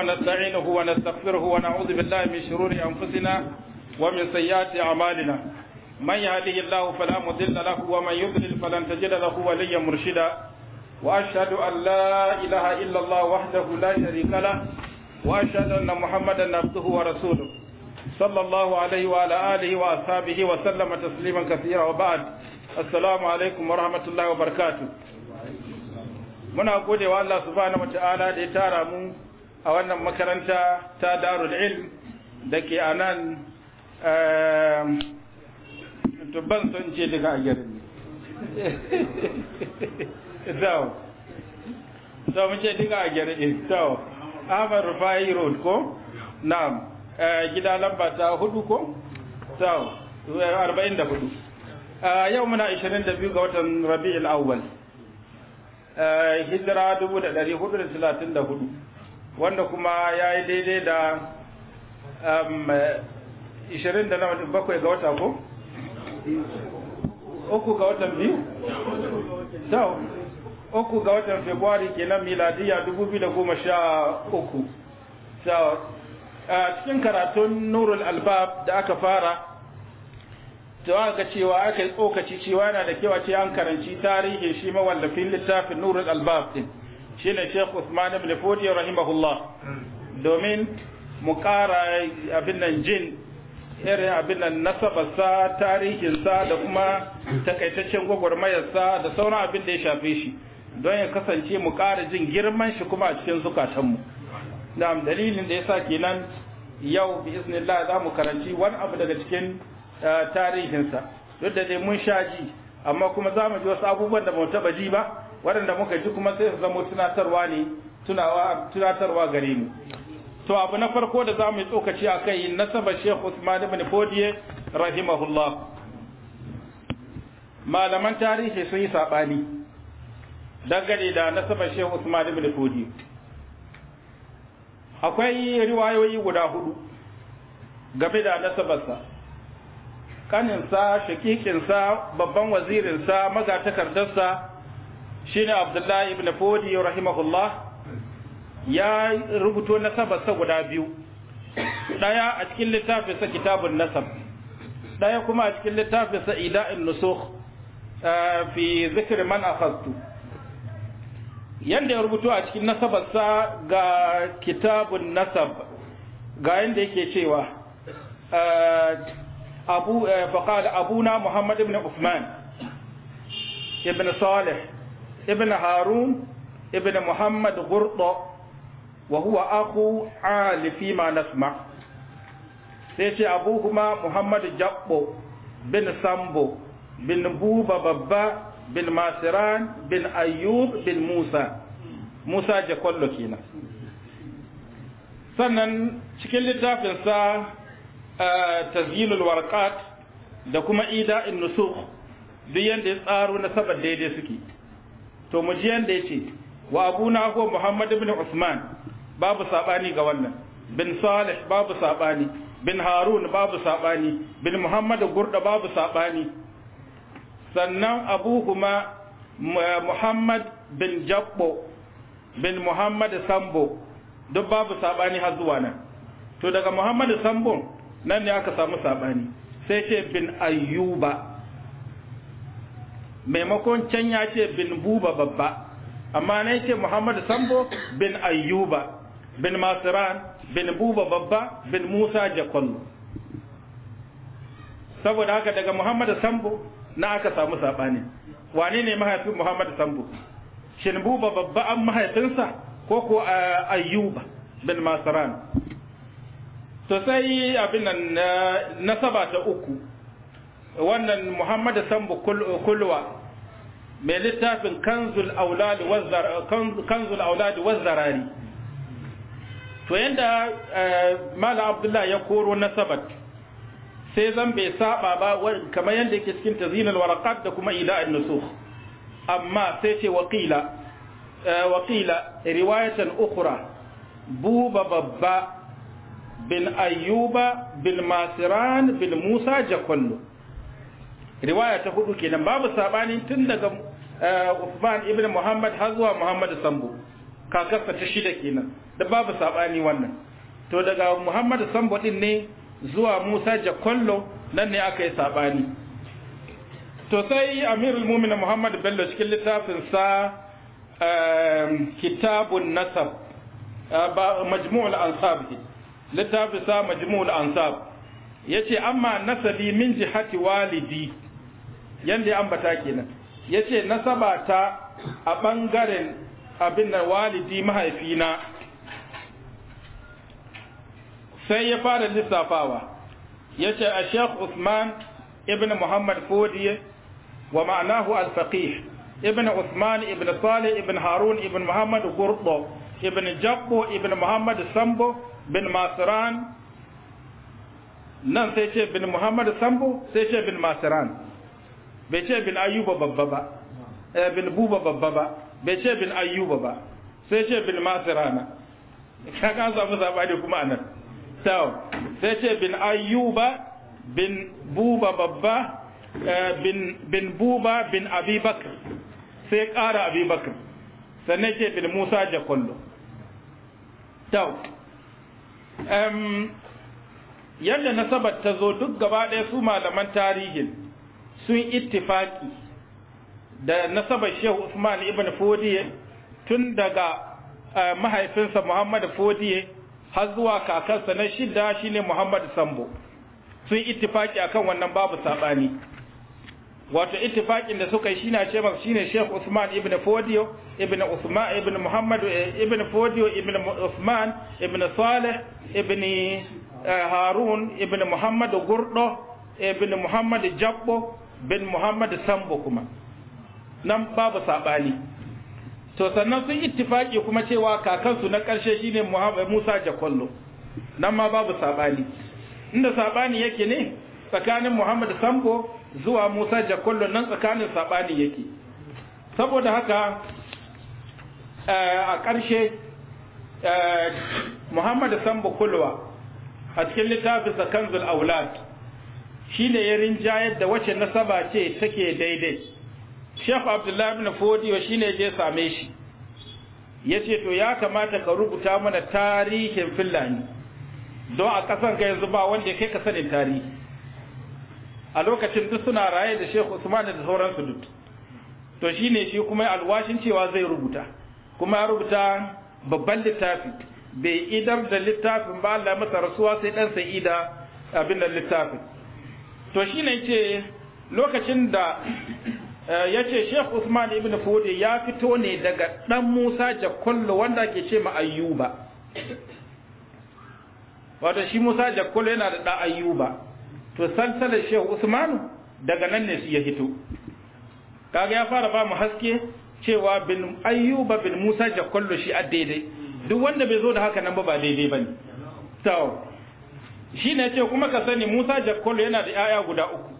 ونستعينه ونستغفره ونعوذ بالله من شرور أنفسنا ومن سيئات أعمالنا من يهده الله فلا مضل له ومن يضلل فلن تجد له وليا مرشدا وأشهد أن لا إله إلا الله وحده لا شريك له وأشهد أن محمدا عبده ورسوله صلى الله عليه وعلى آله وأصحابه وسلم تسليما كثيرا وبعد السلام عليكم ورحمة الله وبركاته muna gode wa Allah subhanahu wa ta'ala da ya tara mu a wannan makaranta ta darul ilm da ke a nan ehm, ban son ce daga a ne zau zau mun ce daga a ne eh, zau ahmad rufai road ko na eh, gida lamba ta hudu ko zau 44 eh, yau muna 22 ga watan rabi'ul awwal hijira 434 wanda kuma ya yi daidai da 27 um, ga wata ko? uku ga watan biyu? Tau uku ga watan februari kenan miladiya 2013 Tau a cikin karatun nurul albab da aka fara ta ga cewa aka yi tsokaci cewa yana da kewa ce an karanci tarihin shi mawallafin littafin nurul albab din Shi ne Sheikh Usman ibn Fodi rahimahullah domin mu kara abin nan jin irin abin nan nasabarsa tarihinsa da kuma takaitaccen gwagwarmayarsa da sauran abin da ya shafe shi don ya kasance mu kara jin girman shi kuma a cikin zukatanmu da dalilin da yasa kenan yau bi iznillah za mu karanci wani abu daga cikin eh, tarihinsa duk da dai mun sha ji amma kuma za mu ji wasu abubuwan da mu taba ji ba waɗanda muka ji kuma sai su zamo tunatarwa ne tunawa tunatarwa gare mu to abu na farko da za mu yi tsokaci a kai nasaba Sheikh Usman ibn Fodiye rahimahullah malaman tarihi sun yi saɓani dangane da nasaba Sheikh Usman ibn Fodiye akwai riwayoyi guda hudu game da nasabarsa kaninsa shakikinsa babban wazirinsa magatakardarsa shine abdullahi ibn fodi rahimahullah ya rubuto nasabarsa guda biyu daya a cikin littafinsa kitabun nasab daya kuma a cikin littafinsa ida'in nusukh eh, fi zikr man akhadtu yanda ya rubuto a cikin nasabarsa ga kitabun nasab ga yanda yake cewa eh, abu eh, faqala abuna muhammad ibn usman ibn salih ابن هارون ابن محمد غرطة وهو أخو عال فيما نسمع سيتي أبوهما محمد جبو بن سامبو بن بوبا بابا بن ماسران بن أيوب بن موسى موسى جكولو كينا sannan cikin littafinsa tazilul warqat da kuma ida in nusukh duk yanda ya tsaro na sabar daidai suke to mu ji yanda yace wa abu na ko muhammad ibn usman babu sabani ga wannan bin salih babu sabani bin harun babu sabani bin muhammad gurda babu sabani sannan abuhuma muhammad bin jabbo bin muhammad sambo duk babu sabani har zuwa nan to daga muhammad sambo nan ne aka samu sabani sai ce bin ayyuba maimakon can ya ce bin buba babba amma na yake Muhammadu sambo bin ayyuba bin masiran bin buba babba bin musa jakonu saboda haka daga Muhammadu sambo na aka samu saɓani wane ne mahaifin Muhammadu sambo shin buba babba an mahaifinsa ko ko ayyuba bin masiran sosai abin nan nasaba ta uku wannan muhammadu sambu kulwa mai littafin kanzul auladi wazzarari to yadda eh, mala abdullah ya koro na sabat sai zan bai saba ba kamar yadda yake cikin tazinal warakat da kuma ila'in nusuf amma sai ce wakila eh, wakila riwayatan ukura buba babba bin ayyuba bin masiran bin musa jakwallo riwaya ta hudu kenan babu sabani tun daga eh, Uthman ibn Muhammad har zuwa Muhammad Sambo kakarsa ta shida kenan da babu sabani wannan to daga Muhammad Sambo din ne zuwa Musa Jakollo nan ne aka yi sabani to sai Amirul Mu'minin Muhammad Bello cikin littafin sa eh, Kitabun Nasab eh, Majmu'ul Ansab littafin sa Majmu'ul Ansab yace amma nasabi min jihati walidi yanda ya ambata kenan ce nasaba ta a bangaren abin da walidi mahaifina sai ya fara lissafawa ya ce a Sheikh Usman ibn Muhammad Fodi wa ma'anahu al-faqih ibn Usman ibn Salih ibn Harun ibn Muhammad Gurdo ibn Jabbo ibn Muhammad Sambo bin masiran nan sai ce bin Muhammad Sambo sai ce bin masiran. bai ce bin ayyuba babba ba eh, bin buba babba ba bai ce bin ayyuba ba sai ce bin masirana ka ka samu ne kuma anan to sai ce bin ayyuba bin buba babba eh, bin buba bin abubakar sai ƙara abubakar sannan ce bin musa jakollo tau yadda nasabar ta zo duk gaba ɗaya su malaman tarihin sun ittifaki da nasabar shehu usman ibn fodiye tun daga eh, mahaifinsa muhammad fodiye har zuwa kakansa na shida shine muhammad sambo sun ittifaki akan wannan babu sabani wato ittifakin da suka yi shine ce ba shine Sheikh Usman ibn Fodiye ibn Usman ibn Muhammad eh, ibn Fodiye ibn Usman ibn Saleh ibn eh, Harun ibn Muhammad Gurdo ibn Muhammad Jabbo bin muhammad sambo kuma nan babu saɓani to sannan sun ittifaki kuma cewa kakansu na ƙarshe shine musa Jakollo nan ma babu saɓani inda saɓani yake ne tsakanin muhammad sambo zuwa musa Jakollo nan tsakanin saɓani yake saboda haka eh, a ƙarshe eh, muhammad sambo kulwa a cikin littafinsa Sakanzul aulad shine ya rinjayar da wace nasaba ce take daidai Sheikh Abdullahi ibn shi ne je same shi Ya ce to ya kamata ka rubuta mana tarihin Fulani don a kasan ka yanzu ba wanda kai ka sanin tarihi a lokacin duk suna raye da Sheikh Usman da sauran su duk to shine shi kuma alwashin cewa zai rubuta kuma ya rubuta babban littafi bai idar da littafin ba Allah masa rasuwa sai dan sa'ida abin da littafin to shi ne ce lokacin da eh, ya ce sheikh usman ibn fode ya fito ne daga dan musa jakollo wanda ke ce ma ayyuba wato shi musa jakollo yana da ɗan ayyuba to salsalar sheikh usman daga nan ne su ya hito kaga ya fara ba mu haske cewa bin ayyuba bin musa jakollo shi a daidai duk wanda bai zo da haka nan ba ba daidai ba ne shi ne ce kuma ka sani musa jakkolo yana da 'ya'ya guda uku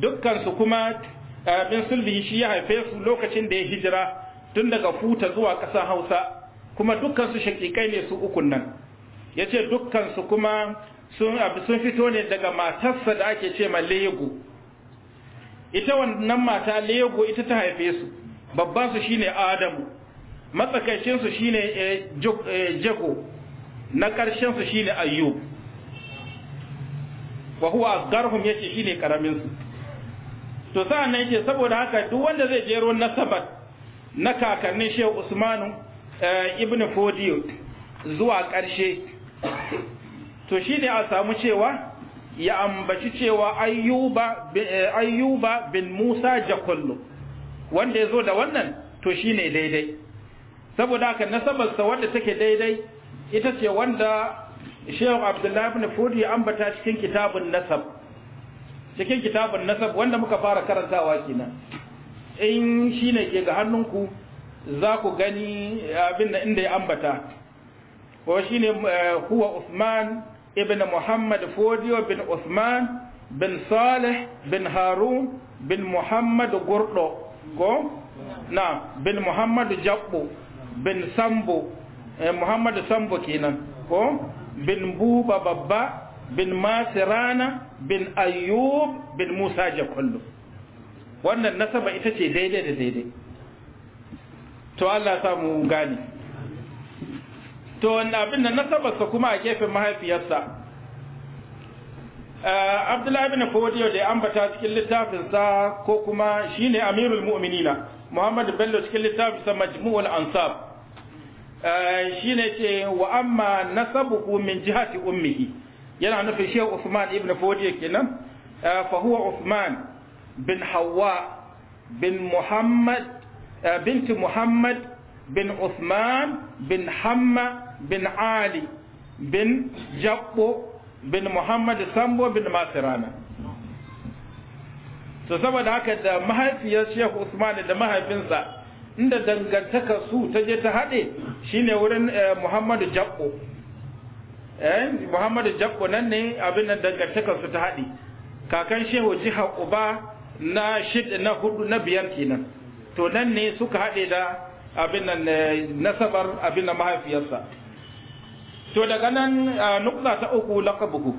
dukkansu kuma eh, abin sulhi shi ya haife su lokacin da ya hijira tun daga futa zuwa ƙasar hausa kuma dukkansu shakikai ne su ukun nan ya ce dukkansu kuma sun fito ne daga matarsa da ake ce ma lego ita wannan mata lego ita ta haife su babbansu shine adamu matsakaicinsu shine eh, eh, jago na ƙarshen su shine ayyub wa huwa garhum yace shine karamin su to sa'an nan yace saboda haka duk wanda zai jero nasabat na kakannin Shehu Usmanu eh, ibn Fodiyo zuwa ƙarshe to shine a samu cewa ya ambaci cewa ayyuba eh, bin Musa Jakullu wanda yazo da wannan to shine daidai saboda haka nasabarsa wanda take daidai ita ce wanda shehu abdullahi ibn fudi ambata cikin kitabun nasab cikin kitabun nasab wanda muka fara karantawa kenan in shine ke ga hannunku za ku gani abin da inda ya ambata ko shine eh, huwa usman ibn muhammad fudi bin usman bin salih bin harun bin muhammad gurdo ko na bin muhammad jabbo bin sambo Eh, muhammadu sambo kenan ko bin buba babba bin masirana bin ayyub bin musa jakwallo wannan nasaba ita ce daidai da daidai to Allah samu gani to wannan abin da nasabarsa kuma a gefen mahaifiyarsa eh, abdullahi bin fodiyo da ya ambata cikin littafinsa ko kuma shine amirul mu'minina muhammadu bello cikin littafinsa majmu'ul ansab Eh, ne ce wa amma nasabuhu min jihati ummihi yana nufin shehu Usman ibn Fodiye kenan eh, fa huwa Usman bin Hawwa bin Muhammad eh, binti Muhammad bin Usman bin Hamma bin Ali bin Jabbo bin Muhammad Sambo bin Masirana to saboda haka da mahaifiyar Sheikh Usman da mahaifinsa inda dangantaka su ta je ta haɗe shine wurin eh, muhammadu jabbo eh, muhammadu jabbo nan ne abin da dangantaka su ta haɗe kakan shehu jiha uba na shid na hudu na biyar kenan to nan ne suka haɗe da abin nan eh, nasabar abin na mahaifiyarsa to daga nan nukta ta uku lakabuhu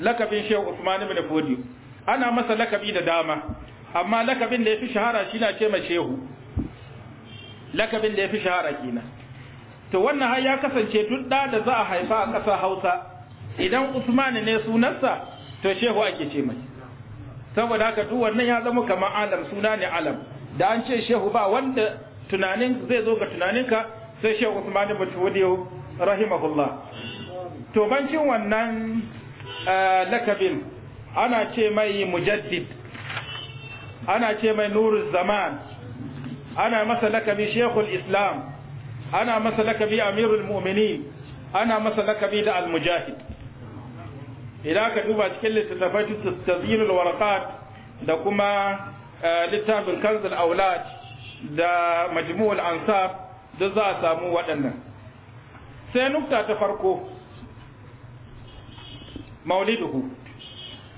lakabin shehu usman ibn fodi ana masa lakabi da dama amma lakabin da ya fi shahara shi na ce ma shehu lakabin da ya fi shahara kina, to wannan har ya kasance tun da da za a haifa a ƙasa hausa idan Usman ne sunansa to shehu ake ce mai saboda haka duk wannan ya zama kamar alam suna ne alam da an ce shehu ba wanda tunanin zai zo ga tunaninka sai shehu Usman usmani mutuwadiyo rahimahullah to bancin wannan eh, lakabin ana ce mai mujaddid ana ce mai nuru zaman ana masa lakabi shekul islam ana masa lakabi amirul mu'minin ana masa lakabi da almujahid idan ka duba cikin littattafai tazinul warqat da kuma littafin kanzul aulad da majmu'ul ansab duk za a samu waɗannan sai nukta ta farko maulidu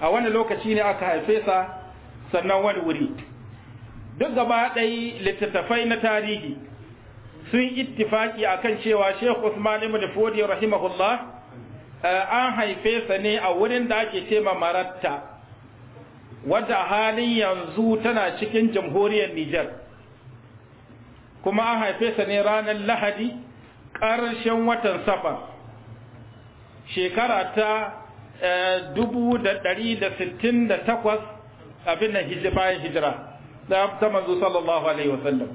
a wani lokaci ne aka haife sa sannan wani wuri duk gaba ɗai littattafai na tarihi sun ittifaki akan cewa Sheikh Usman ibn Fodi rahimahullah eh, an haife sa ne a wurin da ake cema Maratta wadda halin yanzu tana cikin jamhuriyar Niger kuma an haife sa ne ranar Lahadi ƙarshen watan Safar shekara ta 1168 eh, abin nan hijira hijira ta manzo sallallahu alaihi wasallam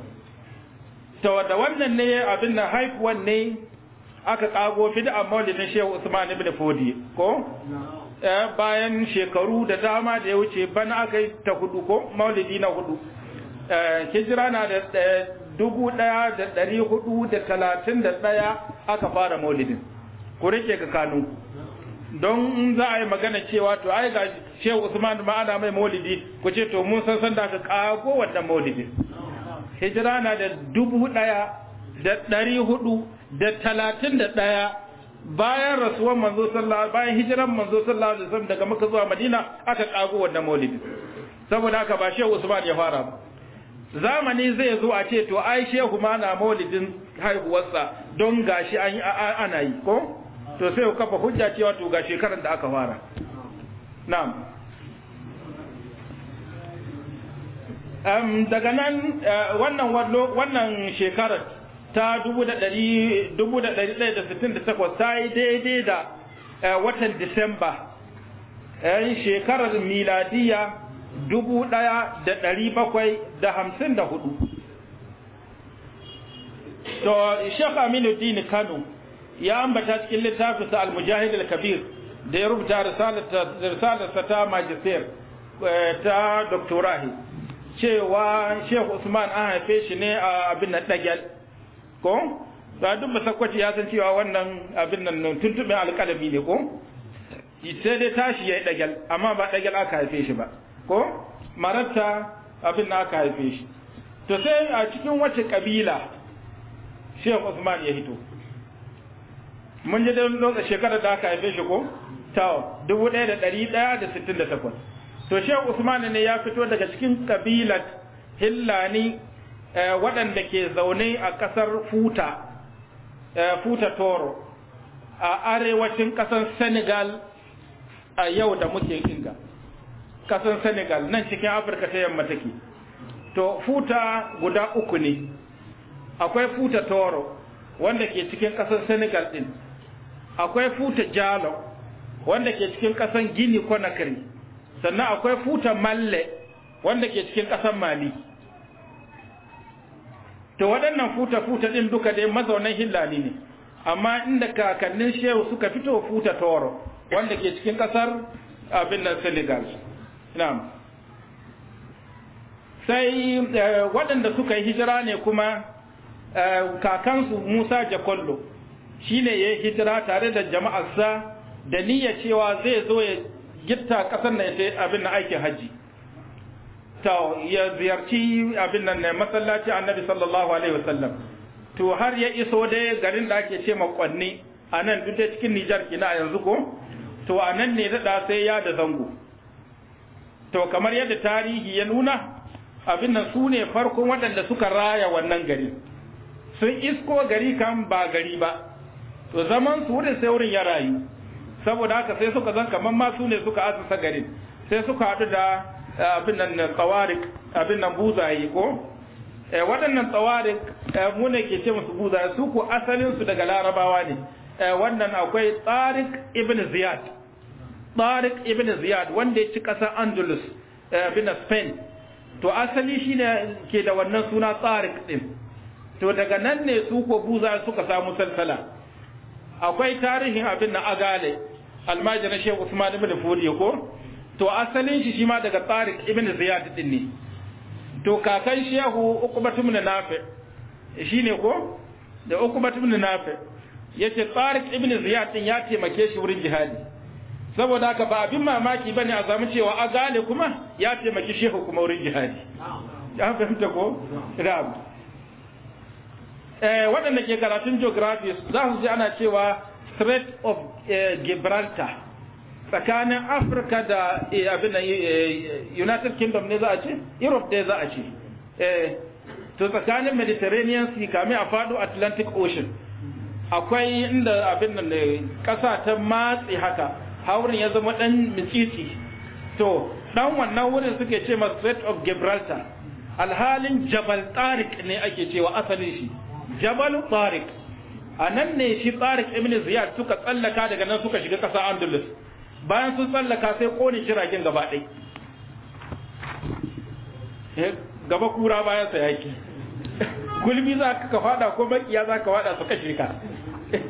ta da wannan ne abin na haifuwan ne aka kago a maulidin shehu usman ibn fodi ko eh, bayan shekaru da dama da ya wuce bana aka yi ta hudu ko maulidi na hudu eh, hijira na da dubu daya da dari hudu da talatin da daya aka fara maulidin ku rike ka kanu don za a yi magana cewa to ai ga shehu usman ma ana mai maulidi ku ce to mun san san da ka kago wannan maulidi hijira na da dubu ɗaya da ɗari hudu da talatin da ɗaya bayan rasuwan manzo sallallahu bayan hijiran manzo sallallahu alaihi wasallam daga Makka zuwa Madina aka kago wannan maulidi saboda haka ba shehu usman ya fara ba zamani zai zo a ce to ai shehu ma na maulidin haihuwarsa don gashi an ana yi ko to sai ku kafa hujja cewa to ga shekaran da aka fara na'am daga nan eh, wannan wannan shekarar ta 1168 ta yi daidai da eh, watan disamba yan eh, shekarar miladiya 1754 to shekha aminu dini kano ya ambata cikin littafinsa al-mujahid al-kabir da ya rubuta risalarsa ta majisir eh, ta doktorahi cewa shehu usman an haife shi ne a abin nan ɗagyal ko ba duk masakwaci ya san cewa wannan abin nan tuntuɓe alƙalami ne ko sai dai tashi ya yi ɗagyal amma ba ɗagyal aka haife shi ba ko maratta abin nan aka haife shi to sai a cikin wace ƙabila shehu usman ya hito mun ji don lokacin shekarar da aka haife shi ko ta takwas. to shehu usman ne ya fito daga cikin kabilat hillani eh, waɗanda ke zaune a ƙasar futa eh, futa toro a arewacin ƙasar senegal a yau da muke inga ƙasar senegal nan cikin afirka ta yamma take to futa guda uku ne akwai futa toro wanda ke cikin ƙasar senegal ɗin akwai futa jalo wanda ke cikin ƙasan gini konakiri sannan akwai futa malle wanda ke cikin ƙasan mali to waɗannan futa-futa ɗin duka dai mazaunan hillani ne amma inda kakannin shehu suka fito futa toro wanda ke cikin ƙasar abin nan senegal sai eh, waɗanda suka yi hijira ne kuma eh, kakansu musa jakollo Shi shine yi hijira tare da jama'arsa da niyyar cewa zai zo ya gitta kasar na ita abin na aikin hajji ta ya ziyarci abin nan na masallaci annabi sallallahu alaihi wasallam to har ya iso dai garin da ake ce makonni a nan duk da cikin Nijar kina yanzu ko to a nan ne daɗa sai ya da zango to kamar yadda tarihi ya nuna abin nan su ne farkon waɗanda suka raya wannan gari sun isko gari kan ba gari ba to zaman su wurin sai wurin ya rayu saboda haka sai suka zan kamar ma su ne suka asa garin sai suka haɗu da eh, abin nan eh, tsawarik abin nan buzaye ko eh, waɗannan tsawarik mu ne ke ce musu buzaye su ko asalin su daga larabawa ne wannan akwai tsarik ibn ziyad tsarik ibn ziyad wanda ya ci ƙasar andalus abin spain to asali shi ne ke da wannan suna tsarik ɗin, to daga nan ne su ko buzaye suka samu salsala akwai tarihin abin na agale almaji na shehu usman ibn fudi ko to asalin shi shi ma daga tsarin ibn ziyad din ne to kakan shehu uqbat ibn nafi shine ko da uqbat ibn nafi yace tsarin ibn ziyad din ya taimake shi wurin jihadi saboda haka ba abin mamaki bane a zamu cewa agale kuma ya taimaki shehu kuma wurin jihadi ya fahimta ko da. Eh, waɗanda ke karatun geography za su ji ana cewa Strait of eh, Gibraltar tsakanin Afirka da eh, abin United Kingdom ne za a ce Europe ɗaya za a ce to tsakanin Mediterranean Sea kame a faɗo Atlantic Ocean akwai inda abin ƙasa ta matsi haka haurin ya zama ɗan mitsitsi to ɗan wannan wurin suke ce ma Strait of Gibraltar alhalin Jabal Tariq ne ake cewa asalin shi jabalu tariq a nan ne shi tariq ibn ziyad suka tsallaka daga nan suka shiga ƙasa andalus bayan sun tsallaka sai kone jiragen gaba ɗai eh, gaba kura bayan sa yaki gulmi za ka fada ko makiya za ka fada su kashe ka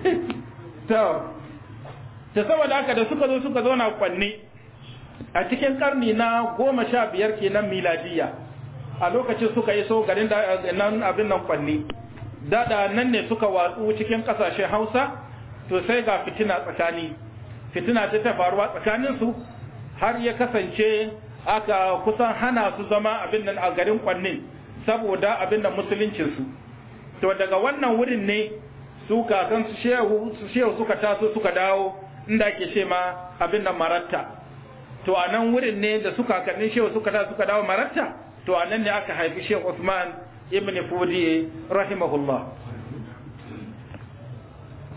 ta saboda haka da suka zo suka zauna kwanne a cikin karni na goma sha biyar kenan miladiyya a lokacin suka iso garin da nan abin nan kwanne dada nan ne suka watsu cikin kasashen hausa to sai ga fitina tsakani fitina ta ta faruwa tsakaninsu har ya kasance aka kusan hana su zama abin nan a garin kwannin saboda abin da musuluncinsu to daga wannan wurin ne su kakan su shehu suka taso suka dawo inda ake ce ma abin da maratta to a nan wurin ne da su kakannin shehu suka taso suka dawo maratta to a nan ne aka haifi shehu Usman ibn fodiye rahimahullah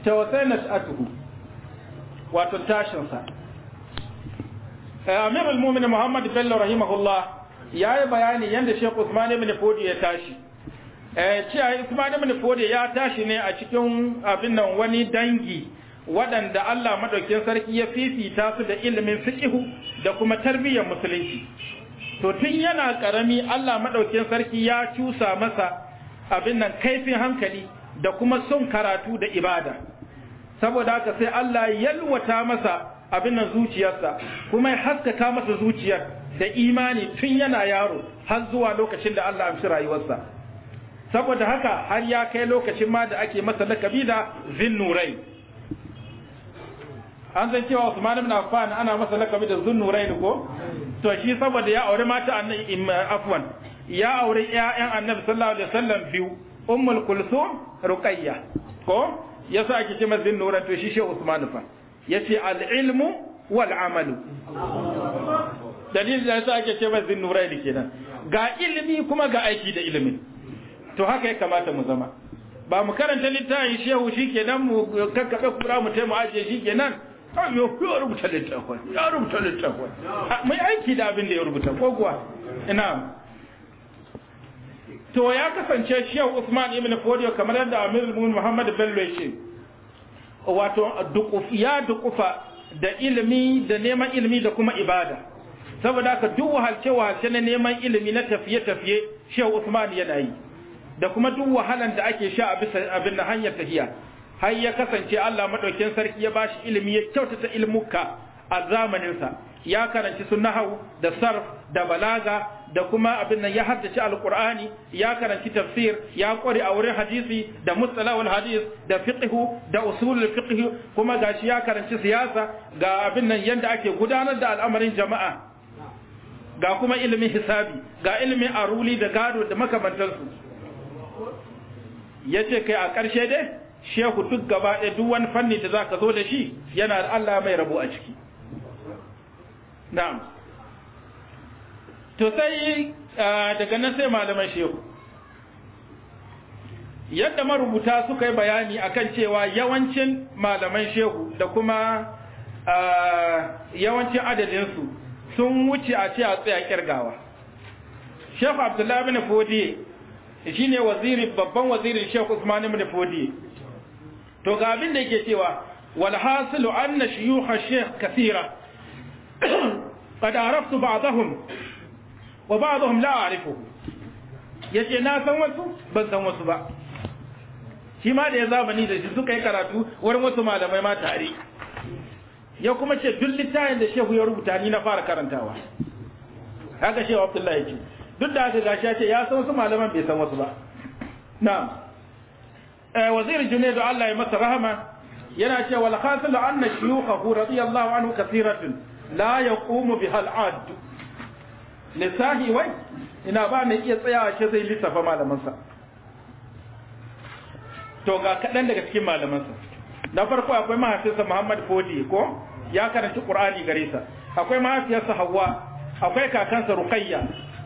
tawasai nas'atuhu wato tashinsa eh, amir al-mumin muhammad bello rahimahullah ya yi bayani yadda shekh ya tashi eh, cewa usman ibn fodiye ya tashi ne a cikin abin nan wani dangi waɗanda allah madaukin sarki ya fifita su da ilimin fiƙihu da kuma tarbiyyar musulunci to tun yana karami Allah madaukin sarki ya cusa masa abin nan kaifin hankali da kuma son karatu da ibada saboda haka sai Allah ya yalwata masa abin nan zuciyarsa kuma ya haskaka masa zuciyar da imani tun yana yaro har zuwa lokacin da Allah amshi rayuwarsa saboda haka har ya kai lokacin ma da ake masa lakabi da zinnurai an san cewa Usman ibn Affan ana masa lakabi da Zunnurain ko to shi saboda ya aure mata annabi afwan ya aure ƴaƴan annabi sallallahu alaihi wasallam biyu ummul kulsum ruqayya ko yasa ake cewa masa Zunnurain to shi shi Usman fa yace al ilmu wal amalu dalilin da yasa ake cewa masa Zunnurain kenan ga ilimi kuma ga aiki da ilimi to haka ya kamata mu zama ba mu karanta littafin shehu shikenan mu kakkabe kura mu taimu ajiye shikenan kawai yau ya rubuta littafin ya rubuta littafin mai aiki da abin da ya rubuta ko ina to ya kasance shehu usman ibn fodiyo kamar yadda amir muhammad muhammad bello ya ce wato ya dukufa da ilimi da neman ilimi da kuma ibada saboda haka duk wahalce wahalce na neman ilimi na tafiye tafiye shehu usman yana yi da kuma duk wahalan da ake sha a bisa abin na hanyar tafiya har ya kasance Allah madaukin sarki ya bashi ilimi ya kyautata ilmuka a zamaninsa ya karanci su da sarf da balaga da kuma abin nan ya haddace alqur'ani ya karanci tafsir ya kware a wurin hadisi da mustalahul hadis da fiqhu da usulul fiqh kuma gashi ya karanci siyasa ga abin nan yanda ake gudanar da al'amarin jama'a ga kuma ilimin hisabi ga ilimin aruli da gado da makamantansu yace kai a ƙarshe dai shehu duk gaba ɗaya duk wani fanni da za ka zo da shi yana da Allah mai rabu a ciki na'am to sai daga nan sai malaman shehu yadda marubuta suka yi bayani akan cewa yawancin malaman shehu da kuma yawancin adadinsu sun wuce a ce a tsaya kirgawa shehu abdullahi bin fodiye shine waziri babban wazirin shehu usman bin fodiye to ga abin da yake cewa wal hasilu anna shuyukha shaykh kathira qad araftu ba'dahum wa ba'dahum la a'rifuhu yace na san wasu ban san wasu ba shi ma da ya zamani da shi suka yi karatu war wasu malamai ma tare ya kuma ce duk littafin da shehu ya rubuta ni na fara karantawa haka shehu abdullahi ce duk da haka gashi ya ce ya san wasu malaman bai san wasu ba na'am Eh, wazir junaid Allah ya masa rahama yana cewa wal khasilu anna shuyukhahu radiyallahu anhu kathiratun la yaqumu biha al ad lissahi wai ina ba mai iya tsaya shi zai lissafa malamansa to ga kaɗan daga cikin malamansa na farko akwai mahaifinsa muhammad fodi ko ya karanci ƙur'ani gare sa akwai mahaifiyarsa Hawwa, akwai kakansa ruqayya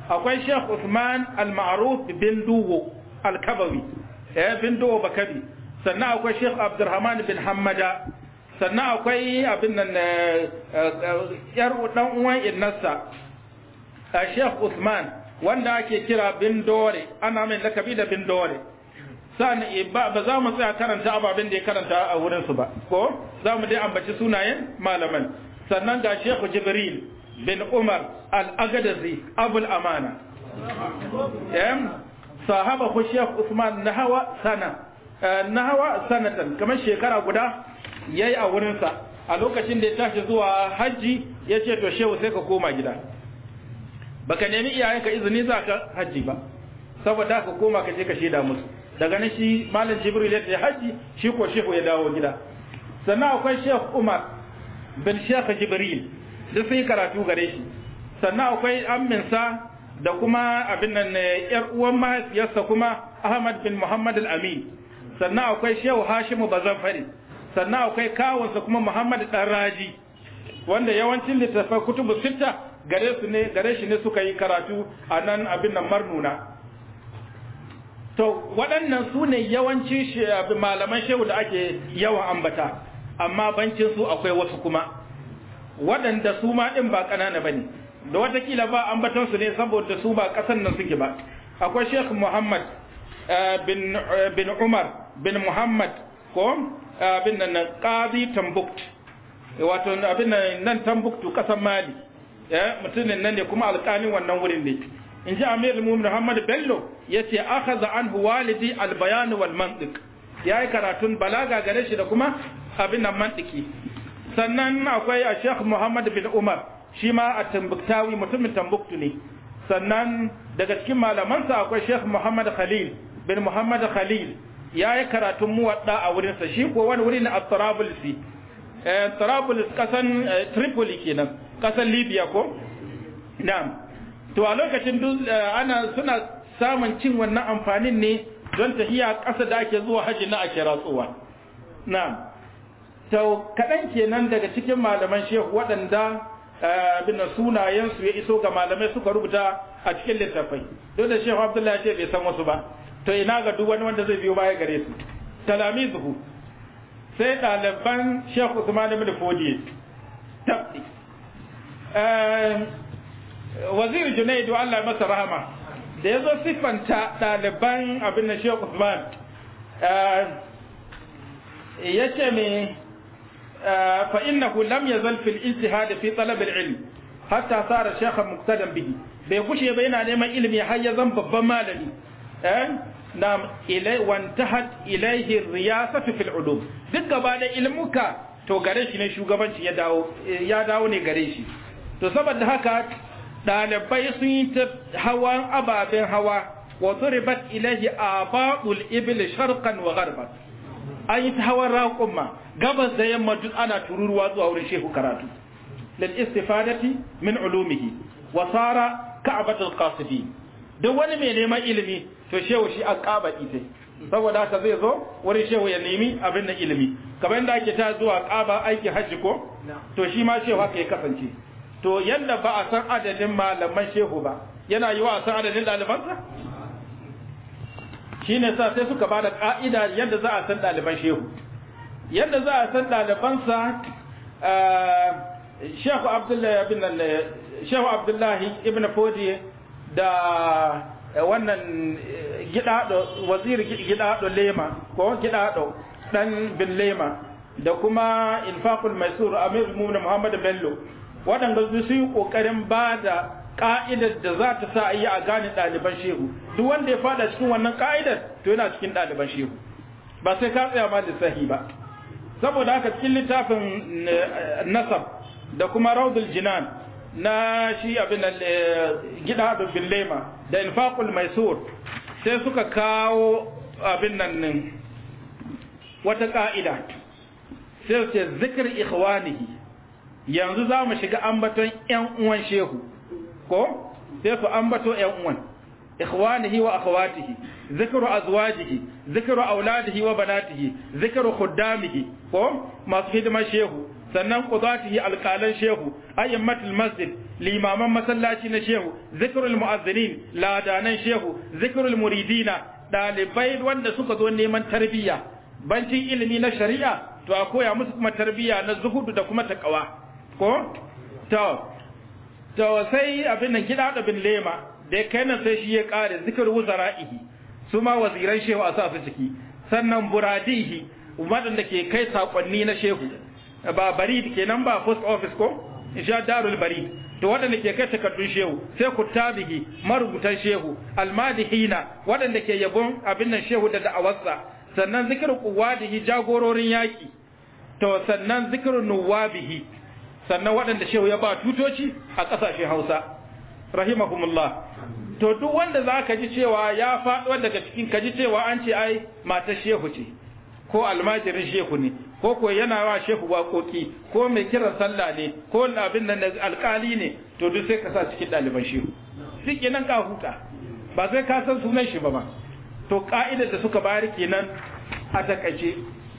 akwai sheikh usman al-ma'ruf bin duwo al-kabawi eh bindo bakadi sannan akwai Sheikh Abdulrahman bin Hamada, sannan akwai abin nan eh, eh, yar dan uwan innarsa eh, Sheikh Usman wanda ake kira bin dore ana mai lakabi da bin dore sa'an ba za mu tsaya karanta ababen da ya karanta a wurin su ba ko za mu dai ambaci sunayen malaman sannan ga Sheikh Jibril bin Umar al-Agadazi Abul Amana sahaba ko shek Usman nahawa sana eh, nahawa sanatan kamar shekara guda yayi a wurin sa a lokacin da ya tashi zuwa hajji ya ce to shehu sai ka koma gida baka nemi ka izini za ka haji ba saboda ka koma ka je ka shaida musu daga nan shi malam jibril ya tafi hajji shi ko shehu ya dawo gida sannan akwai shek Umar bin shek Jibril da sai karatu gare shi sannan akwai amminsa da kuma abin nan ne yar uwan mahaifiyarsa kuma Ahmad bin Muhammad al-Amin sannan akwai Shehu Hashimu Bazanfari sannan akwai kawunsa kuma Muhammad dan Raji wanda yawancin littafin kutubu sita gare su ne gare shi ne suka yi karatu a nan abin nan marnuna to waɗannan su ne yawancin malaman shehu da ake yawan ambata amma bancin su akwai wasu kuma waɗanda su ma ɗin ba ƙanana ba ne da watakila ba ambaton su ne saboda su ba kasan nan suke ba akwai Sheikh Muhammad eh, bin eh, bin Umar bin Muhammad ko eh, bin nan Qadi Tambukt wato abin nan Tambuktu kasan Mali mutumin nan ne kuma alƙalin wannan wurin ne in ji Amir Muhammad Muhammad Bello yace akhadha anhu walidi al-bayan wal mantiq yayi karatun balaga gare shi da kuma abin nan mantiki sannan akwai a Sheikh Muhammad bin Umar shi ma a tambuktawi mutumin tambuktu ne sannan daga cikin malamansa akwai sheikh muhammad khalil bin muhammad khalil ya yi karatun muwadda a wurinsa shi ko wani wuri na astrabulsi eh, astrabulsi kasan eh, tripoli kenan kasan libya ko na'am to a lokacin eh, ana suna samun cin wannan amfanin ne don tafiya ƙasa da ake zuwa hajji na ake ratsuwa na'am to kaɗan kenan daga cikin malaman shehu waɗanda abin sunayensu ya iso ga malamai suka rubuta a cikin littafai don da shehu abdullahi ce bai san wasu ba to ina ga duk wani wanda zai biyo baya gare su talamizuhu sai ɗaliban shehu usman ibn fodiye tabbi ehm, wazir junaidu allah masa rahama da ya zo siffanta ɗaliban abin da shehu usman ehm, ya ce mai fa innahu lam yazal fil ijtihad fi talab al hatta sara shaykhan muqtadan bihi bai kushe ba yana neman ilimi har ya babban malami eh nam ilai wantahat ilaihi riyasatu fil ulum duk gaba da ilmuka to gare shi ne shugabanci ya dawo ya ne gare shi to saboda haka dalibai sun yi ta hawan ababen hawa wa turibat ilaihi aba'ul ibil sharqan wa gharban an yi ta hawan raƙumma gabas da yamma duk ana tururuwa zuwa wurin shehu karatu lil istifadati min ulumihi wa sara ka'batul qasidi duk wani mai neman ilimi to shehu shi an kaba ita saboda haka zai zo wurin shehu ya nemi abin da ilimi kamar yadda ake ta zuwa kaba aikin hajji ko to shi ma shehu haka ya kasance to yadda ba a san adadin malaman shehu ba yana yi wa a san adadin ɗalibansa shine sa sai suka bada ka'ida yadda za a san ɗaliban shehu yadda za a san ɗalibansa eh, shehu abdullahi ibn shehu abdullahi ibn fodi da eh, wannan eh, gidado wazir gidado lema ko gidado dan bin lema da kuma infaqul maisur amir mu'min muhammad bello waɗanda su yi kokarin bada ka'idar da za ta sa a yi a gane ɗaliban shehu duk wanda ya fada cikin wannan ka'idar to yana cikin ɗaliban shehu ba sai ka tsaya ma sahi ba saboda haka cikin littafin eh, nasab da kuma raudul jinan na shi abin da eh, gida da billema da infaqul maisur sai suka kawo abin nan nin wata ka'ida sai ce zikir ikhwanihi yanzu za mu shiga ambaton yan uwan shehu ko sai su ambato ƴan uwan ikhwanihi wa akhawatihi zikru azwajihi zikru auladihi wa banatihi zikru khuddamihi ko masu hidimar shehu sannan kuzatihi alƙalan shehu matul masjid limaman masallaci na shehu zikrul muazzinin ladanan shehu zikrul muridina dalibai wanda suka zo neman tarbiyya bancin ilimi na shari'a to a koya musu kuma tarbiyya na zuhudu da kuma takawa ko to to sai abin nan kida da bin lema da kai nan sai shi ya kare zikr wuzara'ihi su ma waziran shehu a sa su ciki sannan buradihi wadanda ke kai sakonni na shehu ba bari ke nan ba post office ko darul bari, to waɗanda ke kai takardun shehu sai ku tabihi marubutan shehu almadihina waɗanda ke yabon abin nan shehu da da'awarsa sannan zikr quwadihi jagororin yaki to sannan zikir nuwabihi sannan waɗanda shehu ya ba tutoci a ƙasashe hausa rahimahumullah to duk wanda za ka ji cewa ya faɗo daga cikin ka ji cewa an ce ai matar shehu ce ko almajirin shehu ne ko ko yana wa shehu waƙoƙi ko mai kiran sallah ne ko abin nan alƙali ne to duk sai ka sa cikin ɗaliban shehu duk nan ka huta ba sai ka san sunan shi ba ma to ka'idar da suka bayar kenan a takaice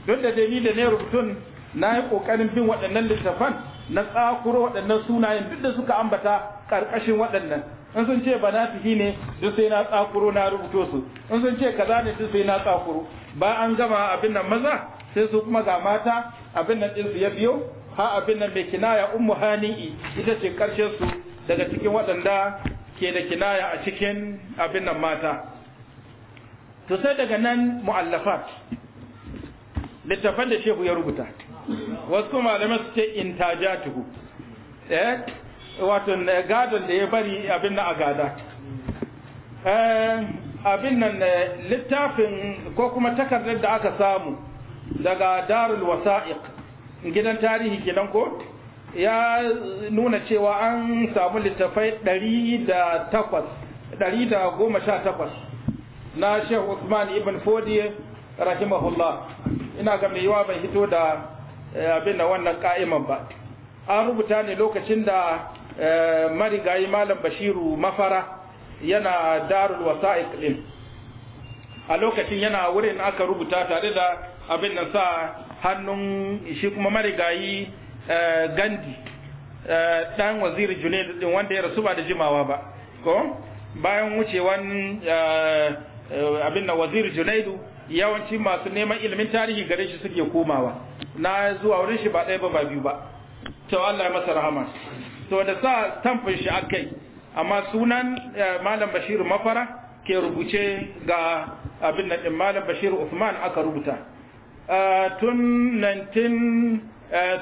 don da dalilin ne rubutun na yi ƙoƙarin bin waɗannan littafan na tsakuro waɗannan sunayen duk da suka ambata ƙarƙashin waɗannan in sun ce banatihi ne duk sai na tsakuro na rubuto su in sun ce kaza ne duk sai na tsakuro ba an gama abin nan maza sai su kuma ga mata abin nan ɗinsu ya biyo ha abin nan mai kinaya ummu hani'i ita ce ƙarshen su daga cikin waɗanda ke da kinaya a cikin abin nan mata to sai daga nan mu'allafat littafan da shehu ya rubuta wasu kuma da masu ce intajatuhu eh wato eh, gadon da ya bari abin na a gada eh, abin nan eh, littafin ko kuma takardar da aka samu daga darul wasa'iq gidan tarihi kenan ko ya nuna cewa an samu littafai 118 na shehu Usman ibn Fodiye rahimahullah ina ga mai yiwa bai hito da Eh, abin da wannan ka'iman ba an rubuta ne lokacin da eh, marigayi malam bashiru mafara yana darul wasa'iq din a lokacin yana wurin aka rubuta tare da abin da sa hannun shi kuma marigayi eh, gandi dan waziri junaid din wanda ya rasu ba da jimawa ba ko bayan wucewan abin da waziri junaidu yawanci masu neman ilimin tarihi gare shi suke komawa na zuwa wurin shi ba ɗaya ba ba biyu ba to Allah ya masa rahama to da sa tamfin shi akai amma sunan eh, malam Bashir Mafara ke rubuce ga abin nan din malam Bashir usman aka rubuta eh, tun 1986 eh,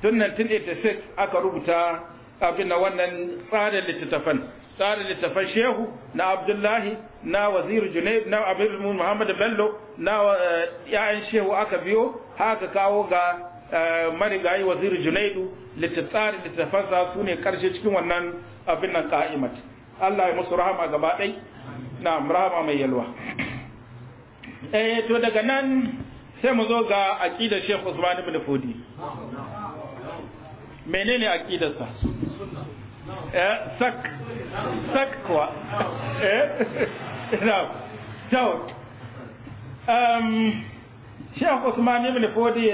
tun 1986 aka rubuta abin wannan tsarin littattafan tsara littafan shehu na abdullahi na wazir junaid na abir muhammad bello na eh, ya'yan shehu aka biyo haka kawo ga eh, marigayi wazir junaidu littattari littafansa su ne karshe cikin wannan abin nan ka'imat Allah ya musu rahama gaba ɗai na rahama mai yalwa eh, to daga nan sai mu zo ga aqidar Sheikh Usman ibn Fodi menene aqidarsa Eh, sak kuwa ina to um Usman ibn Fodi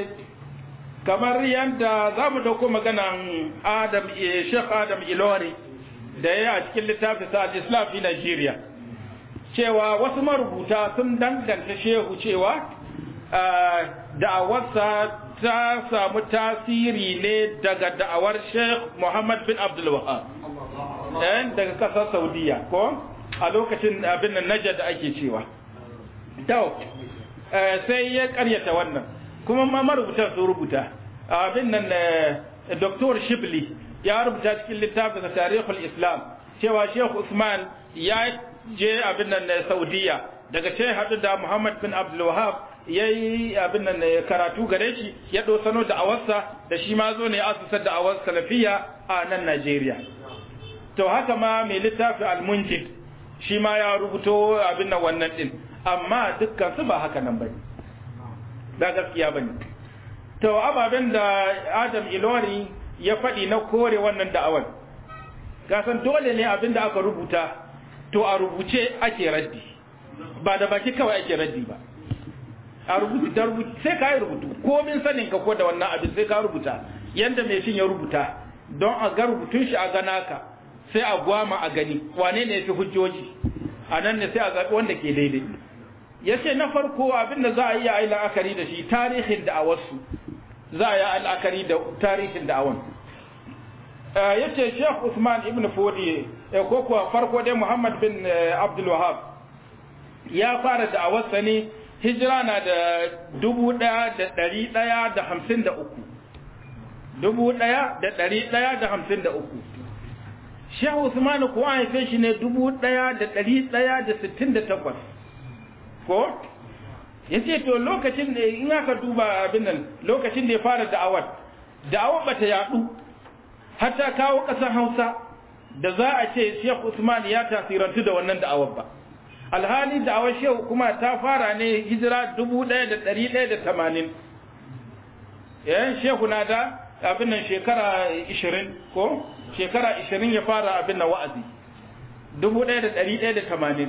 kamar yadda za mu dauko maganan Adam eh, Sheikh Adam Ilori da ya a cikin littafin sa Islam fi Nigeria cewa wasu marubuta sun danganta shehu cewa eh, da'awarsa ta samu tasiri ne daga da'awar Sheikh Muhammad bin Abdul Wahab eh, daga Saudiya ko a lokacin abin nan da ake cewa eh, sai ya karyata wannan kuma ma marubutan su rubuta abin nan eh, Shibli ya rubuta cikin littafin Tarihul Islam cewa Sheikh Usman ya je abin nan Saudiya daga ce haɗu da Muhammad bin Abdul Wahab ya yi abin nan karatu gare shi ya sano da awarsa da shi ma zo ne asusar da awar salafiya a nan Najeriya. To haka ma mai littafi almunjid shi ma ya rubuto abin nan wannan din amma dukkan su ba haka nan bane. Da gaskiya bane. To ababen da Adam Ilori ya faɗi na kore wannan da'awar. Gasan dole ne abin da aka rubuta to a rubuce ake raddi ba da baki kawai ake raddi ba. a rubuta ta rubuta sai ka yi rubutu komin sanin ka ko da wannan abin sai ka rubuta yanda mai shin ya rubuta don a ga rubutun shi a gana ka sai a gwama a gani wane ne fi hujjoji a nan ne sai a zaɓi wanda ke daidai ya ce na farko abin da za a yi a yi la'akari da shi tarihin da'awarsu za a yi la'akari da tarihin da'awan ya ce shek usman ibn fodi eh, ko kuwa farko dai muhammad bin eh, abdul wahab ya fara da'awarsa ne hijira na da dubu ɗaya da ɗari ɗaya da hamsin da uku dubu ɗaya da ɗari ɗaya da hamsin da uku shehu usman kuwa haife shi ne dubu ɗaya da ɗari ɗaya da sittin da takwas ko ya ce to lokacin da in aka duba abin nan lokacin da ya fara da'awar da'awar ba ta yaɗu har ta kawo ƙasar hausa da za a ce shehu usman ya tasirantu da wannan da'awar ba alhali da'awar shehu kuma ta fara ne hijira 1180 yayin shehu na da abin nan shekara 20 ko shekara 20 ya fara abin nan wa'azi 1180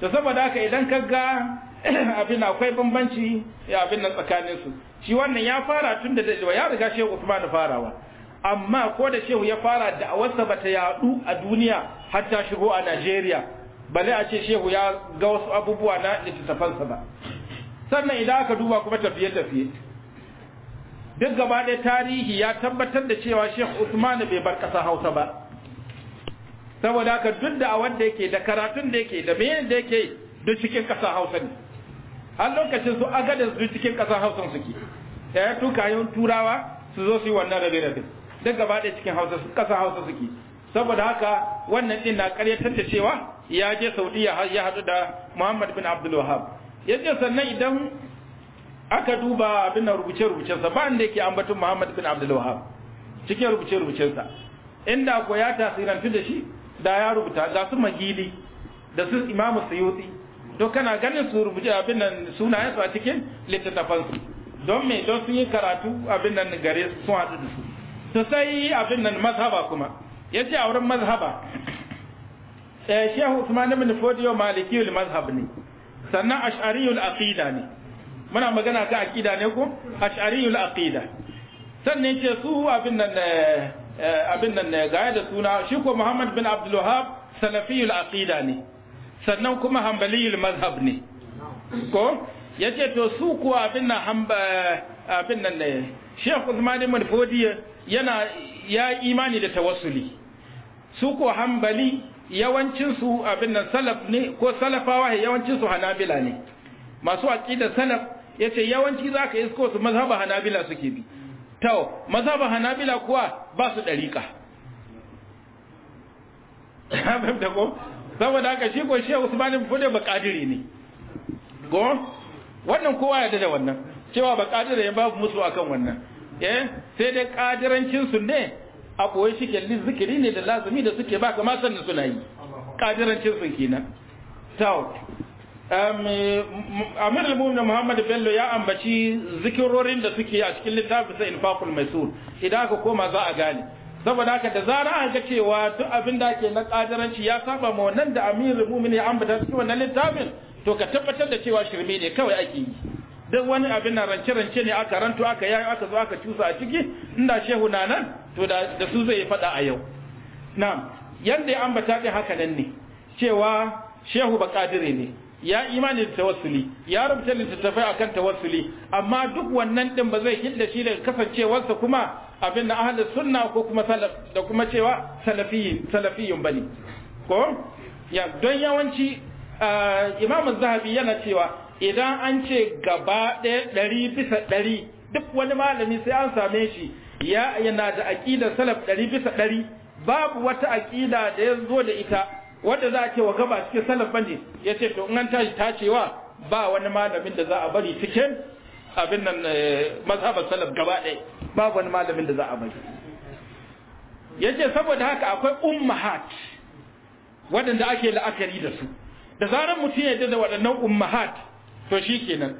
da saboda haka idan ka ga abin akwai bambanci ya abin nan tsakanin su shi wannan ya fara tun da dadewa ya riga shehu Usman farawa amma ko da shehu ya fara da awarsa bata yadu a duniya har ta shigo a Najeriya ne a ce shehu ya ga wasu abubuwa na littattafansa ba sannan idan aka duba kuma tafiye-tafiye duk gaba ɗaya tarihi ya tabbatar da cewa shehu usman bai bar ƙasar hausa ba saboda haka duk da a wanda yake da karatun da yake da meyin da yake duk cikin ƙasar hausa ne har lokacin su agadin su cikin ƙasar hausa suke da ya tuka yin turawa su zo su yi wannan rabe-rabe duk gaba ɗaya cikin hausa ƙasar hausa suke saboda haka wannan ɗin na ƙaryatar da cewa ya je saudiya ya hadu da muhammad bin abdul wahab ya ce sannan idan aka duba abin rubuce-rubucensa ba inda yake ambatun muhammad bin abdul wahab cikin rubuce-rubucensa inda ko ya tasirantu da shi da ya rubuta ga su magili da su imamu suyuti to kana ganin su rubuce abin nan su a cikin su don me don sun yi karatu abin nan gare su sun hadu da su to sai abin nan mazhaba kuma ya ce a wurin mazhaba Eh, shehu Usman ibn Fodiyo Malikiyul mazhab ne sannan Ash'ariyul aqida ne muna magana ga aqida ne ko Ash'ariyul aqida sannan ce su abin nan eh, eh, abin nan ga da suna shi ko Muhammad bin Abdul Wahhab Salafiyul aqida ne sannan kuma Hanbaliyul ko to su kuwa abin nan abin nan ne Usman ibn Fodiyo yana ya imani da tawassuli su ko Hanbali yawancinsu abin nan salaf ne ko salafawa yawancinsu hanabila ne masu aqidar salaf yace yawanci za ka isko su mazhaba hanabila suke bi to mazhaba hanabila kuwa ba su dariƙa da saboda haka shi ko shehu usman fude ba kadiri ne go wannan kowa ya da wannan cewa ba kadiri ne babu musu akan wannan eh sai dai kadirancin su ne a koyi shi zikiri ne da lazumi da suke ba kama sannan suna yi ƙadirancin sun kenan tau um, amir al-mumin muhammad bello ya ambaci zikirorin da suke a cikin littafin sa infaqul maisur idan aka koma za a gane saboda haka da zara an ga cewa duk abin da ake na kadiranci ya saba ma wannan da amir al-mumin ya ambata cikin wannan littafin to ka tabbatar da cewa shirme ne kawai ake yi duk wani abin na rance-rance ne aka ranto aka yayo aka zo aka cusa a ciki inda shehu na nan to da su zai faɗa a yau na yadda ya ambata ɗin haka nan ne cewa shehu ba ƙadire ne ya imani da tawassuli ya rubuta littattafai akan tawassuli amma duk wannan din ba zai hidda shi daga kasancewarsa kuma abin na ahli sunna ko kuma da kuma cewa salafiyin salafiyun bane ko ya don yawanci ah, imamu zahabi yana cewa idan an ce gaba ɗaya ɗari bisa ɗari duk wani malami sai an same shi ya yana da aƙidar salaf ɗari bisa ɗari babu wata aƙida da ya zo da ita wadda za a ce wa gaba cikin salaf bane ya ce to in an tashi tacewa ba wani malamin da za a bari cikin abin nan eh, mazhabar salaf gaba ɗaya babu wani malamin da za a bari Ya ce saboda haka akwai ummahat waɗanda ake la'akari da su da zarar mutum ya da waɗannan ummahat to kenan,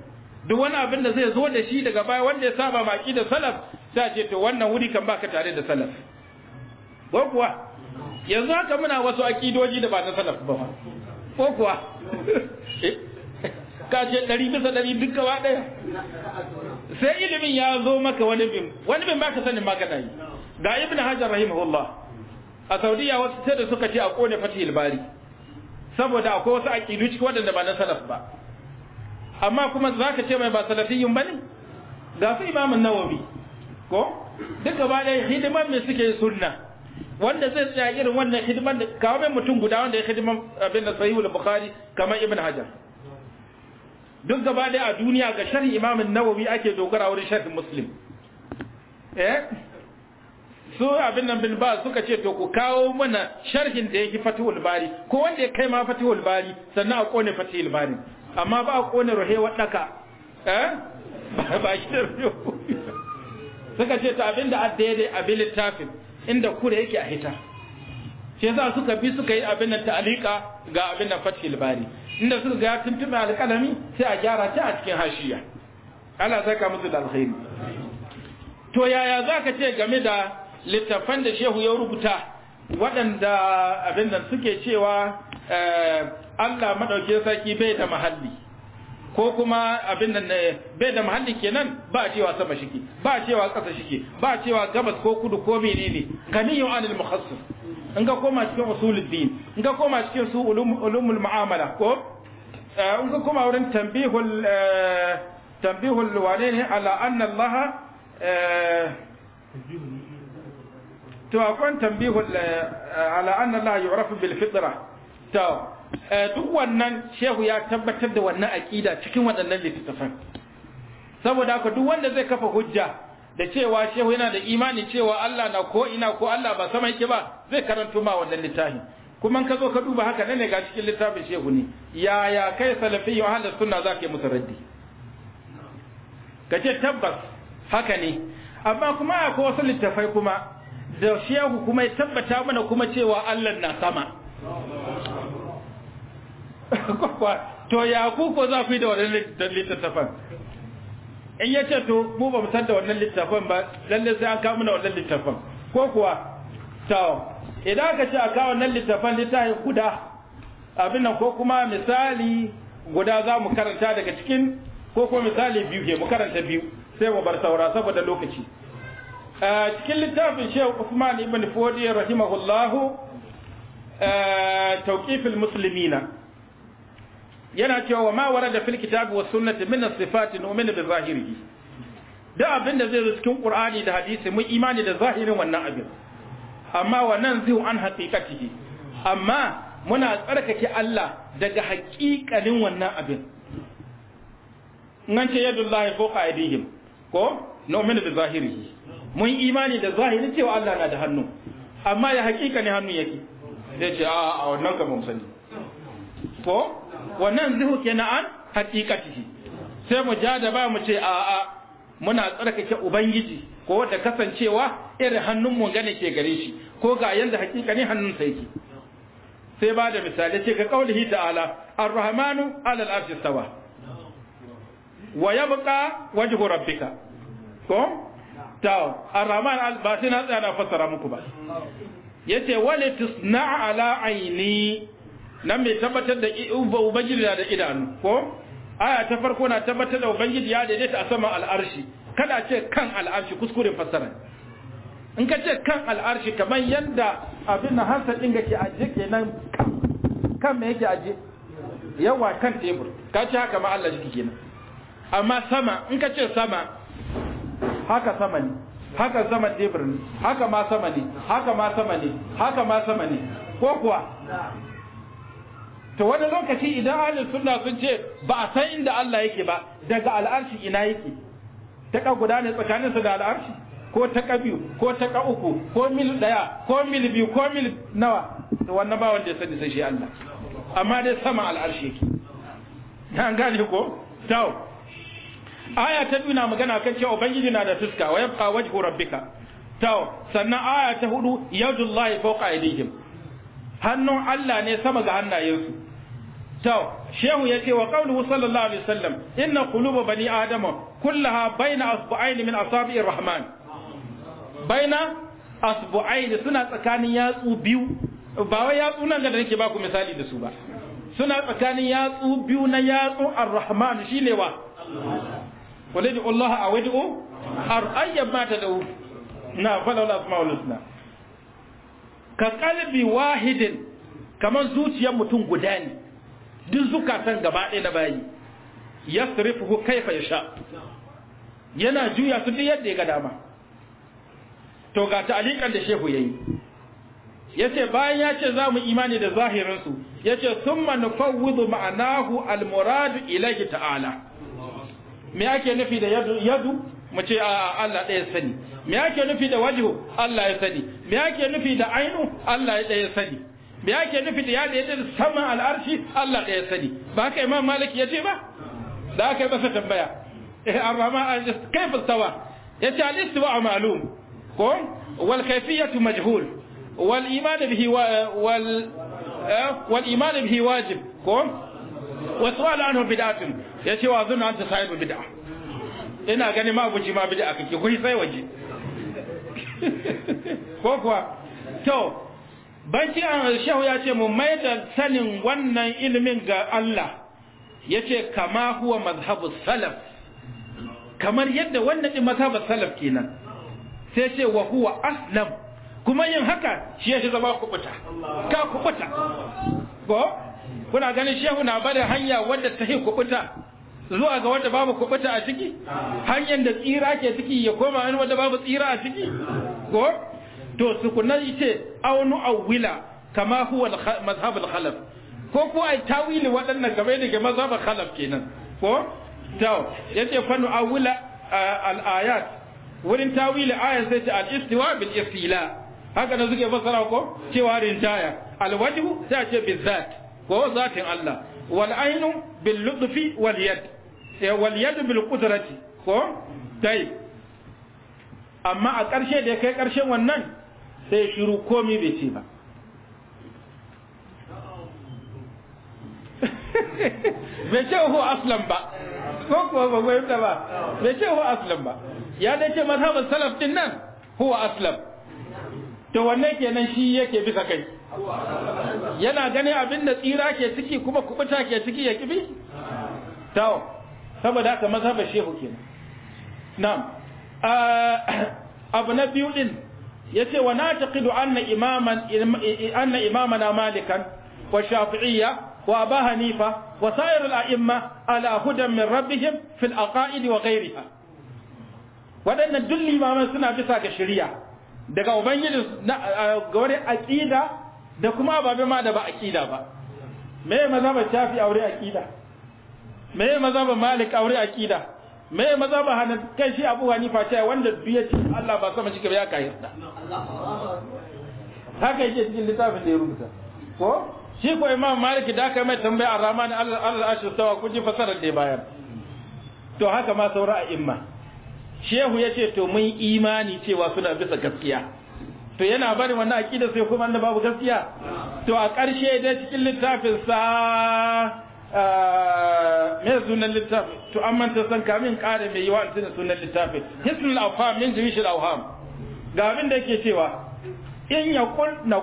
duk wani abin da zai zo da shi daga baya wanda ya saba maki da salaf sai a ce to wannan wuri kan baka tare da salaf ko kuwa yanzu haka muna wasu akidoji da ba na salaf ba ko kuwa eh, ka ce ɗari bisa ɗari duk gaba ɗaya sai ilimin ya zo maka wani bin wani bin baka sanin magana yi ga ibn hajar rahimahullah a saudiya wasu sai da suka ce a kone fatihil bari saboda akwai wasu aƙidu ciki waɗanda ba na salaf ba amma kuma za ka ce mai ba salafiyun ba ne ga su imamun nawabi ko duk ba ɗaya hidimar mai suke sunna wanda zai tsaya irin wannan hidiman da kawo mai mutum guda wanda ya hidiman abin da sahihul bukhari kamar ibn hajar duk gaba dai a duniya ga sharhi imamun nawabi ake dogara wurin sharhi muslim eh su abin nan bin ba suka ce to ku kawo mana sharhin da yake fatihul bari ko wanda ya kai ma fatihul bari sannan a kone fatihul bari amma ba a kone ruhe waɗaka eh ba shi da ruhe suka ce ta abin da daidai a littafin inda kura yake a hita shi za suka bi suka yi abin da ta'alika ga abin da fatih bari inda suka ga mai alƙalami sai a gyara ta a cikin hashiya Allah saka musu da alkhairi to yaya za ka ce game da littafan da shehu ya rubuta waɗanda abin da suke cewa eh, Allah maɗauki sarki bai da mahalli ko kuma abin nan eh, bai da mahalli kenan ba cewa sama shike ba cewa ƙasa shike ba cewa gabas ko kudu ko menene kaniyun anil mukhassis in ka koma cikin usuluddin in ka koma cikin su ulumul mu'amala ko eh, in ka koma wurin tambihul eh, tambihul walene ala anna Allah to akwai ala anna Allah yu'rafu bil fitra to Eh, duk wannan shehu ya tabbatar da wannan aƙida cikin waɗannan littattafan saboda haka duk wanda zai kafa hujja da cewa shehu yana da imani cewa Allah na ko ina ko Allah ba sama yake ba zai karanto ma wannan littafin kuma ka zo ka duba haka nan ne ga cikin littafin shehu ne yaya kai salafi wa ahlus sunna za ka yi musu raddi ka tabbas haka ne amma kuma akwai wasu littafai kuma da shehu kuma ya tabbata mana kuma cewa Allah na sama to ya ku ko za ku yi da wannan littattafan in ya ce to mu ba mu san da wannan littattafan ba lalle sai an kawo mana wannan littattafan ko kuwa to idan aka ce a kawo wannan littattafan littafin guda abin nan ko kuma misali guda za mu karanta daga cikin ko kuma misali biyu ke mu karanta biyu sai mu bar saura saboda lokaci cikin littafin shehu Usman ibn Fodi rahimahullahu tawqifil muslimina yana cewa wa ma warada fil kitabi was sunnati min as-sifati nu'minu bi zahirihi da abin da zai zo cikin qur'ani da hadisi mun imani da zahirin wannan abin amma wannan zai an haqiqatihi amma muna tsarkake Allah daga haqiqalin wannan abin nan ce yadullahi fawqa aydihim ko nu'minu bil zahirihi mun imani da zahiri cewa Allah na da hannu amma ya haƙiƙa ne hannu yake zai ce a wannan ka sani ko wa nan zihu kenan an haqiqatihi sai mu ja da ba mu ce a'a muna tsarkake ubangiji ko da kasancewa irin hannun mu gane ke gare shi ko ga yanda ne hannun sa yake sai ba da misali ce ka kaulihi ta'ala 'ala al-arshi wa yabqa wajhu rabbika ko ta ar-rahman al-batina tsaya na fassara muku ba yace walitusna ala aini nan mai tabbatar da ubangiji na da idanu ko aya ta farko na tabbatar da ubangiji ya daidaita a saman al'arshi kada ce kan al'arshi kuskuren fassara in ka ce kan al'arshi kamar yadda abin na hansa ɗin ga ke aje kenan kan me yake aje, yawa kan tebur ka ce haka ma Allah jiki kenan amma sama in ka ce sama haka sama ne haka sama tebur ne haka ma sama ne haka ma sama ne haka ma sama ne ko kuwa to wani lokaci idan ahlul sunna sun ce ba a san inda Allah yake ba daga al'arshi ina yake ta ka guda ne tsakanin su da al'arshi ko ta ka biyu ko ta ka uku ko mil daya ko mil biyu ko mil nawa to wannan ba wanda ya sani sai shi Allah amma dai sama al'arshi yake an gane ko tawo aya ta biyu na magana kan cewa ubangiji na da fuska wa yabqa wajhu rabbika tawo sannan aya ta hudu yadullahi fawqa aydihim hannun Allah ne sama ga hannayensu to shehu ya ce wa qawluhu sallallahu alaihi wasallam inna quluba bani adama kullaha baina asbu'aini min asabi'ir rahman baina asbu'aini suna tsakanin yatsu biyu ba wai yatsu nan da nake baku misali da su ba suna tsakanin yatsu biyu na yatsu ar-rahman shine wa Walidi adu Allah aw adu ar ma tad'u na falawla asma'ul husna ka qalbi wahidin kaman zuciyar mutum guda ne duk zukatan gaba ɗaya na bayi kai ya sha. yana juya su duk yadda ya ga dama to ga ta alikan da shehu yayi yace bayan ya ce za mu imani da zahirin su yace thumma nufawwidu ma'anahu almuradu ilahi ta'ala me ake nufi da yadu yadu mu ce a Allah ɗaya sani me ake nufi da wajhu Allah ya sani me ake nufi da ainu Allah ya sani me yake nufi da ya da yadda saman al'arshi Allah ɗaya sani ba haka imam malik ya ce ba da aka yi masa tambaya eh, arrama an eh, kai fastawa ya ce al-istiwa ma'lum ko wal kayfiyatu majhul wal iman bihi wal eh, wal iman bihi wajib ko wa su'al anhu bid'atun ya ce wa zunna anta sahibu bid'a ina gani ma guji ma bid'a kake kuyi sai waje ko kuwa to baki a shehu ya ce mu mai da sanin wannan ilimin ga Allah ya ce kama huwa mazhabu salaf kamar yadda wannan ɗin mazhabu salaf kenan sai ce wa huwa aslam kuma yin haka shi ya shi zama kubuta ka kubuta ko kuna ganin shehu na bada hanya wadda ta yi kubuta zuwa ga wadda babu kubuta a ciki hanyar da tsira ke ciki ya koma wani wadda babu tsira a ciki ko to tukunan yace aunu awwila kama huwa mazhabul khalaf ko ko ai tawili waɗannan game da ga mazhabul khalaf kenan ko to yace fanu awwila al ayat wurin tawili ayat sai ce al istiwa bil istila haka na suke fassara ko cewa rinjaya al wajhu sai ce bizat ko zatin Allah wal ainu bil lutfi wal yad eh, wal yad bil qudrati ko tayi amma a ƙarshe da ya kai ƙarshen wannan sai shiru komi bai ce ba bai ce ho aslan ba ko kuwa ba goyi yadda ba bai ce ho aslan ba ya dai ce mazhabin salaf din nan ho aslan to wannan kenan shi yake bisa kai yana ganin abin da tsira ke ciki kuma kubuta ke ciki ya kibi tawo saboda haka mazhabar shehu kenan na'am ah, abu na biyu din Ya ce wa nataqidu anna imaman anna imamana malikan wa shafi'iyya wa aba hanifa wa sa'ir al-a'imma ala hudan min rabbihim fil aqaid wa ghayriha wadannan duk limaman suna bisa ga shari'a daga ubangiji ga wani aqida da kuma babe ma da ba aqida ba me mazhabin shafi aure aqida me mazhabin malik aure aqida me maza ba hana kai shi abu hanifa cewa wanda biya ce Allah ba sama shi ya da haka yake cikin littafin da ya rubuta ko shi ko imam maliki da aka mai tambaya a ramani allah ashir tawa kuji ji fasarar da bayan to haka ma saura a imma shehu ya ce to mun imani cewa suna bisa gaskiya to yana bari wannan aƙida sai kuma da babu gaskiya to a ƙarshe dai cikin littafin sa mai sunan littafin to an manta san kamin ƙara mai yiwa tunan sunan littafin hisnul awham min jimishil awham ga abin da cewa in ya na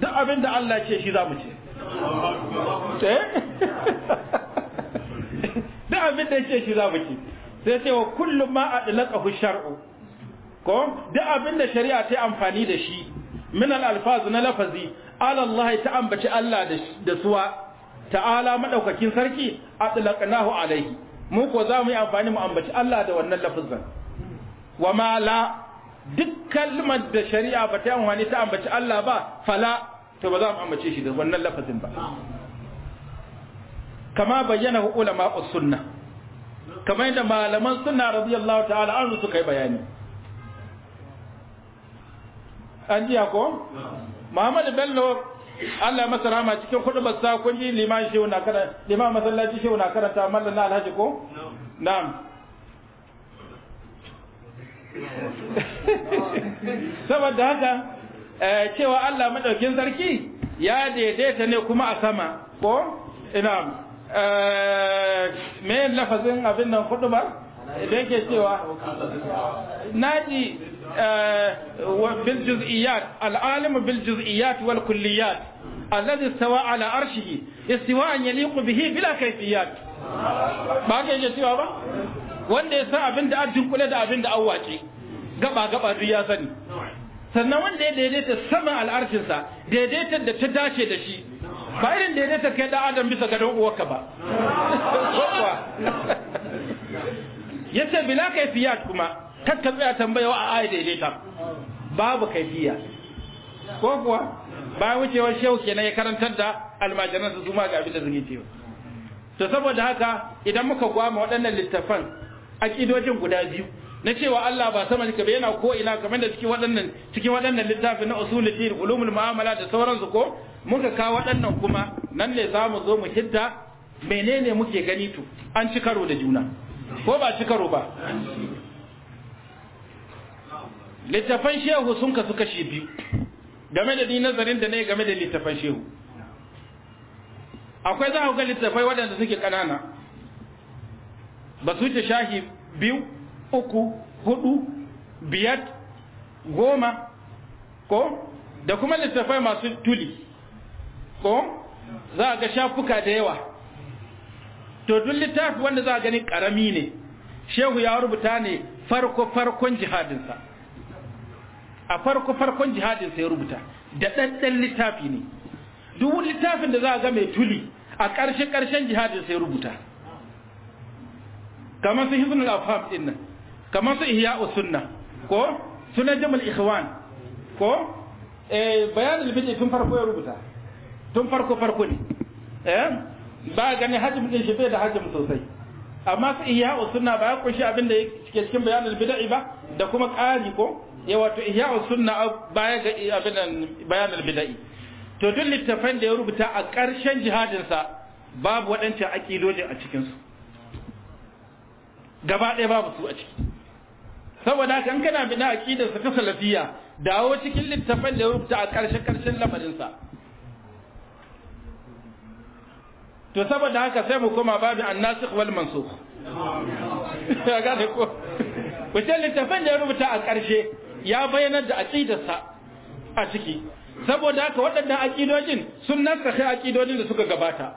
duk abin da Allah ce shi za mu ce duk abin da ce shi za mu ce sai ce wa kullum ma a ɗalaƙahu shar'u ko duk abin da shari'a ta amfani da shi min alfazu na lafazi Allah ta ambaci Allah da suwa ta'ala madaukakin sarki atlaqnahu alaihi mu ko za mu yi amfani mu ambaci Allah da wannan lafazin wa ma la duk kalmar da shari'a ba ta amfani ta ambaci Allah ba fala to ba za mu ambace shi da wannan lafazin ba kama bayyana ulama sunna kamar yadda malaman sunna radiyallahu ta'ala an su kai bayani an jiya ko Muhammad Bello Allah masa rahama cikin hudubar sa kun ji liman shehu na karanta liman masallaci shehu na karanta mallan na alhaji ko na'am saboda haka eh, cewa Allah madaukin sarki ya daidaita ne kuma a sama ko ina eh, me lafazin abin nan ba? da ke cewa naji bil juz'iyat al-alim bil juz'iyat wal kulliyat alladhi istawa ala arshihi istiwa'an yaliqu bihi bila kayfiyat ba ka yake cewa ba wanda ya san abin da an dunkule da abin da an wace gaba gaba ya sani sannan wanda ya daidaita saman al'arshinsa daidaitar da ta dace da shi ba irin daidaitar kai da adam bisa ga uwarka ba ya ce bila kaifiyat kuma kakka tsaya tambaya wa a daidaita babu kafiya ko kuwa ba wucewar shehu kenan ya karantar da almajiran su zuma ga abinda zuni cewa to saboda haka idan muka gwama waɗannan littafan akidojin guda biyu na cewa Allah ba sama ka yana ko ina kamar da cikin waɗannan cikin waɗannan littafi na usuluddin ulumul mu'amala da sauransu ko muka kawo waɗannan kuma nan ne zamu zo mu hidda menene muke gani to an ci karo da juna ko ba ci karo ba littafan shehu sun kasu kashi biyu game da ni nazarin da na yi game da littafan shehu akwai za a ga littafai waɗanda suke ƙanana ba su ce shahi biyu uku hudu biyar goma ko da kuma littafai masu tuli ko za a ga shafuka da yawa to duk littafi wanda za a gani ƙarami ne shehu ya rubuta ne farko farkon jihadinsa a farko farkon jihadin sai ya rubuta da ɗanɗan littafi ne duk littafin da za a ga mai tuli a ƙarshe ƙarshen jihadin sai rubuta kamar su hizbul afham ɗin nan kamar su ihya sunna ko sunan jamal ikhwan ko eh bayan al tun farko ya rubuta tun farko farko ne eh ba gani hajim din shi bai da hajim sosai amma su iya sunna ba ya kunshi abin da yake cikin bayan al ba da kuma ƙari ko ya eh, wato ihya'us sunna baya ga eh, abinan bayanul bida'i to duk littafan da ya rubuta a ƙarshen jihadin sa babu waɗancan akidojin a cikin su gaba ɗaya babu su a ciki saboda haka in kana bina aqidar sa ta salafiyya dawo cikin littafan da ya rubuta a ƙarshen ƙarshen lamarin sa to saboda haka sai mu koma babu annasikh wal mansukh ya gane ko wace littafan da ya rubuta a ƙarshe ya bayyanar da aqidarsa a ciki saboda haka waɗannan aqidojin sun kai aqidojin da suka gabata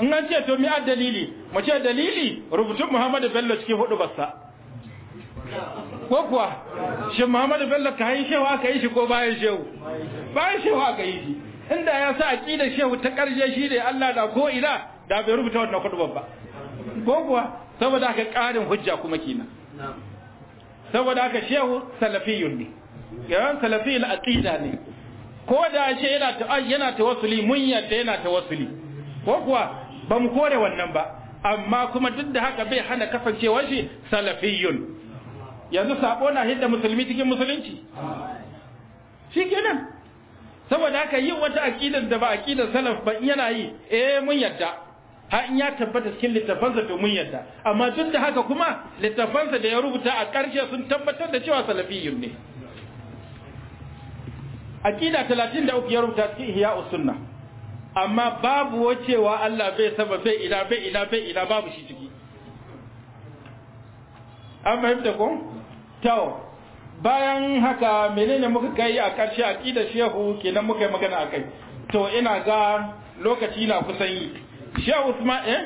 in an ce to mi a dalili mu ce dalili rubutun Muhammadu Bello cikin hudu bassa ko kuwa shi Muhammadu Bello ka yi shehu aka yi shi ko bayan shehu bayan shehu aka yi shi inda ya sa aqidar shehu ta karshe shi ne Allah da ko ina da bai rubuta wannan hudu ba ko kuwa saboda haka ƙarin hujja kuma kina saboda haka shehu salafiyun ne yawan salafiyul aqida ne ko da shi yana ta yana wasuli mun yadda yana wasuli. ko kuwa ba mu kore wannan ba amma kuma duk da haka bai hana kasancewa shi salafiyun yanzu sabo na hidda musulmi cikin musulunci shi kenan saboda haka yin wata aqidar da ba aqidar salaf ba yana yi eh mun yadda ha in ya tabbata cikin littafansa domin yadda amma duk da haka kuma littafansa da ya rubuta a ƙarshe sun tabbatar da cewa salafiyyun ne aqida 33 ya rubuta cikin ihya sunna amma babu wacewa Allah bai saba bai ila bai ila bai ila babu shi ciki an fahimta ko tawo bayan haka menene muka kai a ƙarshe aqida shehu kenan muka yi magana akai to ina ga lokaci na kusan yi sha usman eh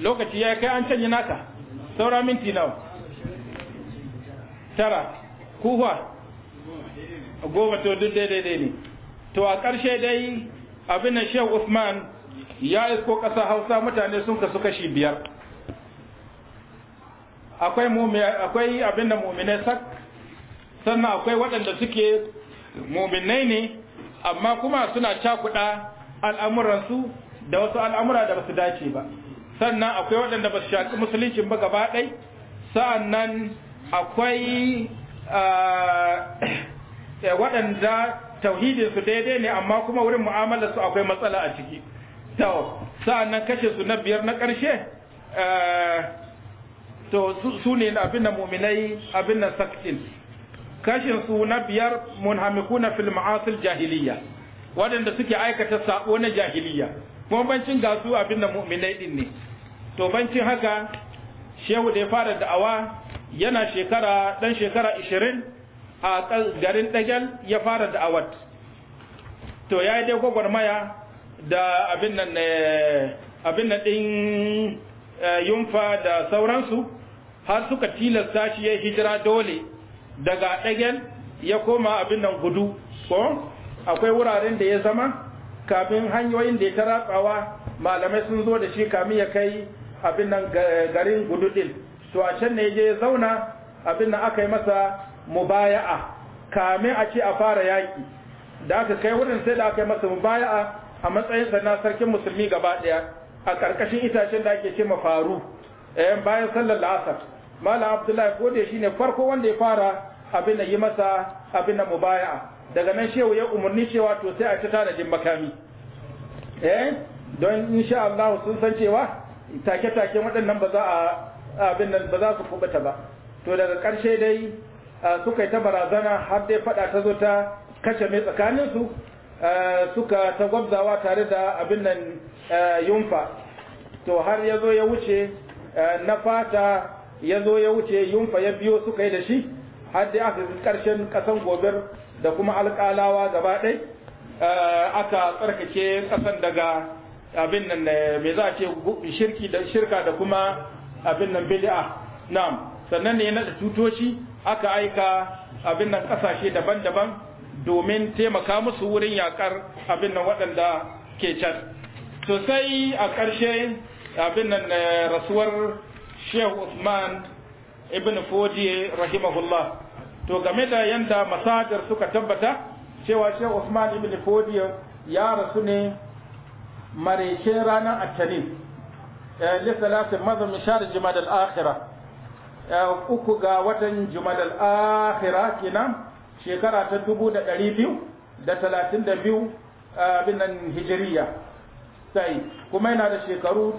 lokaci ya kai an canji naka saura minti nawa tara kuwa goma to duk daidai ne to a ƙarshe dai abin da usman ya isko ƙasa hausa mutane sun kasu kashi biyar akwai abin da mummine sak sannan akwai waɗanda suke muminai ne amma kuma suna cakuɗa al'amuransu da wasu al'amura da basu dace ba sannan akwai waɗanda ba su shaƙi musuluncin ba gaba ɗai sa'annan akwai ah, eh, waɗanda tauhidin su daidai ne amma kuma wurin mu'amalar su akwai matsala a ciki to sa'annan kashe su na biyar na ƙarshe eh, to su ne abin da muminai abin da sakcin kashin su na biyar mun hamiku na fil asir jahiliya waɗanda suke aikata saɓo na jahiliya kuma bancin ga su abin da mu'minai din ne to bancin haka shehu da ya fara da'awa yana shekara dan shekara 20 a garin dagel ya fara da'awat to ya yi dai gwagwarmaya da abin nan eh, abin din eh, yunfa da sauransu har suka tilasta shi ya hijira dole daga dagel ya koma abin nan gudu ko akwai wuraren da ya zama kafin hanyoyin da ya tarafawa malamai sun zo da shi kamin ya kai abin nan garin gududin to a can ne je ya zauna abin nan aka yi masa mubaya'a kamin a ce a fara yaƙi. da aka kai wurin sai da aka yi masa mubaya'a a matsayin sana sarkin musulmi gaba ɗaya. a ƙarƙashin itacen da ake ce faru eh bayan sallar la'asar malam abdullahi ko da ne farko wanda ya fara abin da yi masa abin da mubaya'a daga nan shehu ya umarni cewa to sai a ta jin makami eh don insha Allah sun san cewa take-take waɗannan ba za a abin nan ba za su kubuta ba to daga ƙarshe dai suka yi ta barazana har dai faɗa ta zo ta kashe mai tsakaninsu suka ta gwabzawa tare da abin nan yunfa to har ya zo ya wuce na fata ya zo ya wuce yunfa ya biyo suka yi da shi har dai aka ƙarshen ƙasan gobir da kuma alƙalawa gaba ɗai eh, aka tsarkake ƙasan daga abin nan eh, me za a ce shirki da shirka da kuma abin nan bid'a na'am sannan ne na da tutoci aka aika abin nan ƙasashe daban-daban domin taimaka musu wurin yakar abin nan waɗanda ke can sosai a ƙarshe abin nan eh, rasuwar shehu usman ibn fodiye rahimahullah to game da yanda masajar suka tabbata cewa shi usman ibn fodiyo ya rasu ne mareshe ranar attanin eh, lissalatin mazan shahar jumad al-akhira eh, uku ga watan jumad al-akhira kenan shekara ta dubu da ɗari biyu da talatin da biyu eh, abin nan hijiriya sai kuma yana da shekaru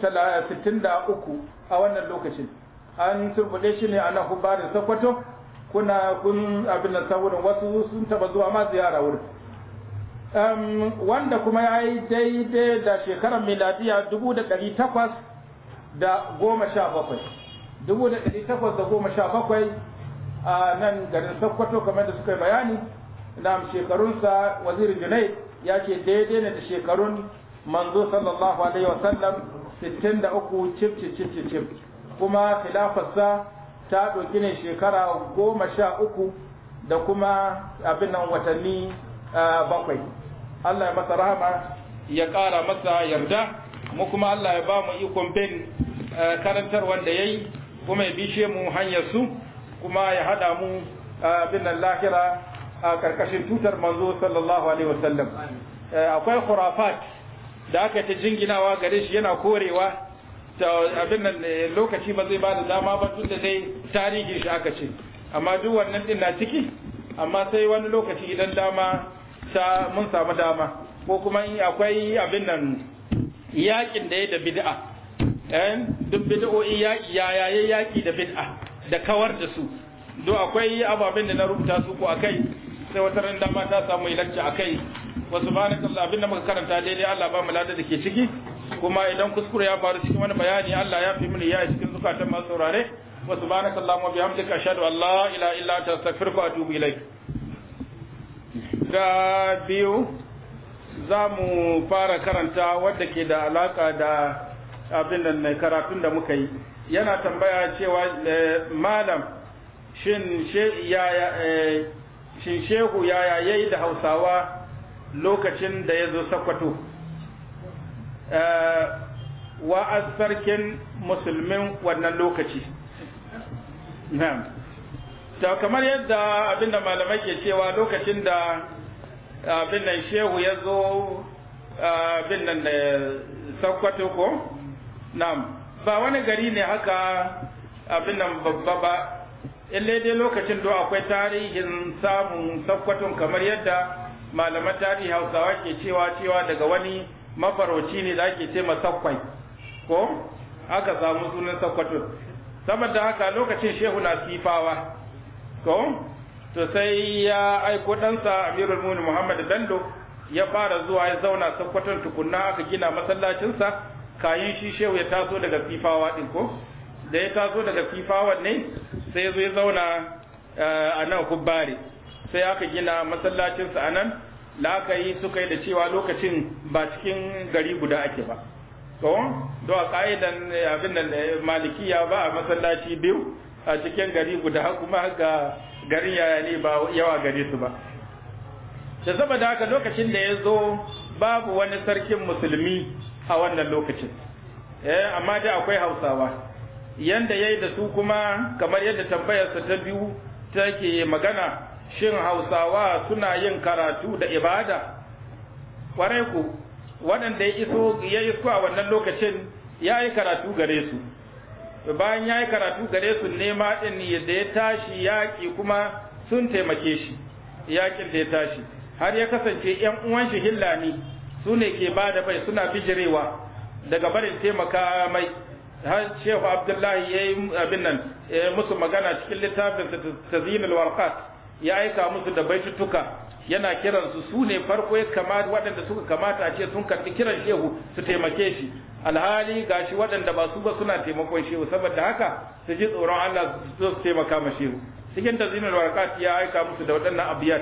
sittin da uku a wannan lokacin an turbuɗe shi ne a nan hubarin sokoto kuna kun abin nan saboda wasu sun taba zuwa ma ziyara wurin um, wanda kuma ya yi daidai da shekarar miladiya dubu da ɗari takwas da goma sha bakwai dubu da ɗari takwas da goma sha bakwai a nan garin sokoto kamar da suka yi bayani na shekarunsa wazir junai ya ce daidai ne da shekarun manzo sallallahu alaihi wasallam 63 cif cif cif cif kuma khilafarsa ta ɗauki ne shekara goma sha uku da kuma abin nan watanni bakwai Allah ya masa rahama ya ƙara masa yarda mu kuma Allah ya ba mu ikon bin karantar wanda ya yi kuma ya bishe mu hanyar su kuma ya haɗa mu abin nan lahira a ƙarƙashin tutar manzo sallallahu alaihi wasallam akwai khurafat da aka ta jinginawa gare shi yana korewa abin nan eh, lokaci ba zai ba da dama ba tun da dai tarihi shi aka ce amma duk wannan din na ciki amma sai wani lokaci idan dama ta mun samu dama ko kuma in akwai abin nan yakin da ya da bid'a eh duk bid'o'i yaki yaki da bid'a da kawar da su do akwai ababen da na rubuta su ko akai sai wata ran dama ta samu ilacci akai wa subhanakallah abin da muka karanta daidai Allah ba mu lada da ke ciki kuma idan kuskure ya faru cikin wani bayani Allah ya fi mini ya yi cikin zukatan masu saurare wa subhanaka allahumma bihamdika ashhadu an la ilaha illa anta astaghfiruka wa atubu ilaik ga biyu za mu fara karanta wadda ke da alaka da abin da karatun da muka yi yana tambaya cewa eh, malam eh, shin shehu yaya yayi da hausawa lokacin da ya zo sakwato Eh, wa sarkin musulmin wannan lokaci na'am ta kamar yadda abinda malamai ke cewa lokacin da abin nan shehu ya zo abin nan da sakwato ko na'am ba wani gari ne haka abin nan babba ba illai dai lokacin do akwai tarihin samun sakwaton kamar yadda malaman tarihi hausawa ke cewa cewa daga wani mafarauci ne da ake ce sakwai, ko aka samu sunan sakwato saboda haka lokacin shehu na sifawa ko to sai ya aiko ɗansa amirul muni muhammad dando ya fara zuwa ya zauna sakwatun tukunna aka gina masallacinsa kayi shi shehu ya taso daga sifawa ɗin ko da ya taso daga sifawa ne sai ya zo ya zauna eh, a nan kubbari sai aka gina masallacinsa a nan la'akari suka yi da cewa lokacin ba cikin gari guda ake ba to do a ka'idan eh, abin da eh, malikiya ba a masallaci biyu a cikin gari guda kuma ga garin yaya ne ba yawa gare su ba da saboda haka lokacin da ya zo babu wani sarkin musulmi a wannan lokacin eh amma dai akwai hausawa yanda yayi da su kuma kamar yadda tambayarsa ta biyu take magana shin hausawa suna yin karatu da ibada kwarai ku waɗanda ya iso ya iso a wannan lokacin ya yi karatu gare su bayan ya yi karatu gare su nema ɗin da ya tashi yaƙi kuma sun taimake shi yaƙin da ya tashi har ya kasance ‘yan uwan shi hillani su ne ke bada bai suna bijirewa daga barin taimaka mai har shehu abdullahi ya yi abin nan musu magana cikin littafin tazinul warqat ya aika musu da baitutuka yana kiran su su ne farko ya kamata waɗanda suka kamata a ce sun karɓi kiran shehu su taimake shi alhali gashi waɗanda ba su ba suna taimakon shehu saboda haka su ji tsoron Allah su su taimaka ma shehu cikin tazimin warqat ya aika musu da waɗannan abiyat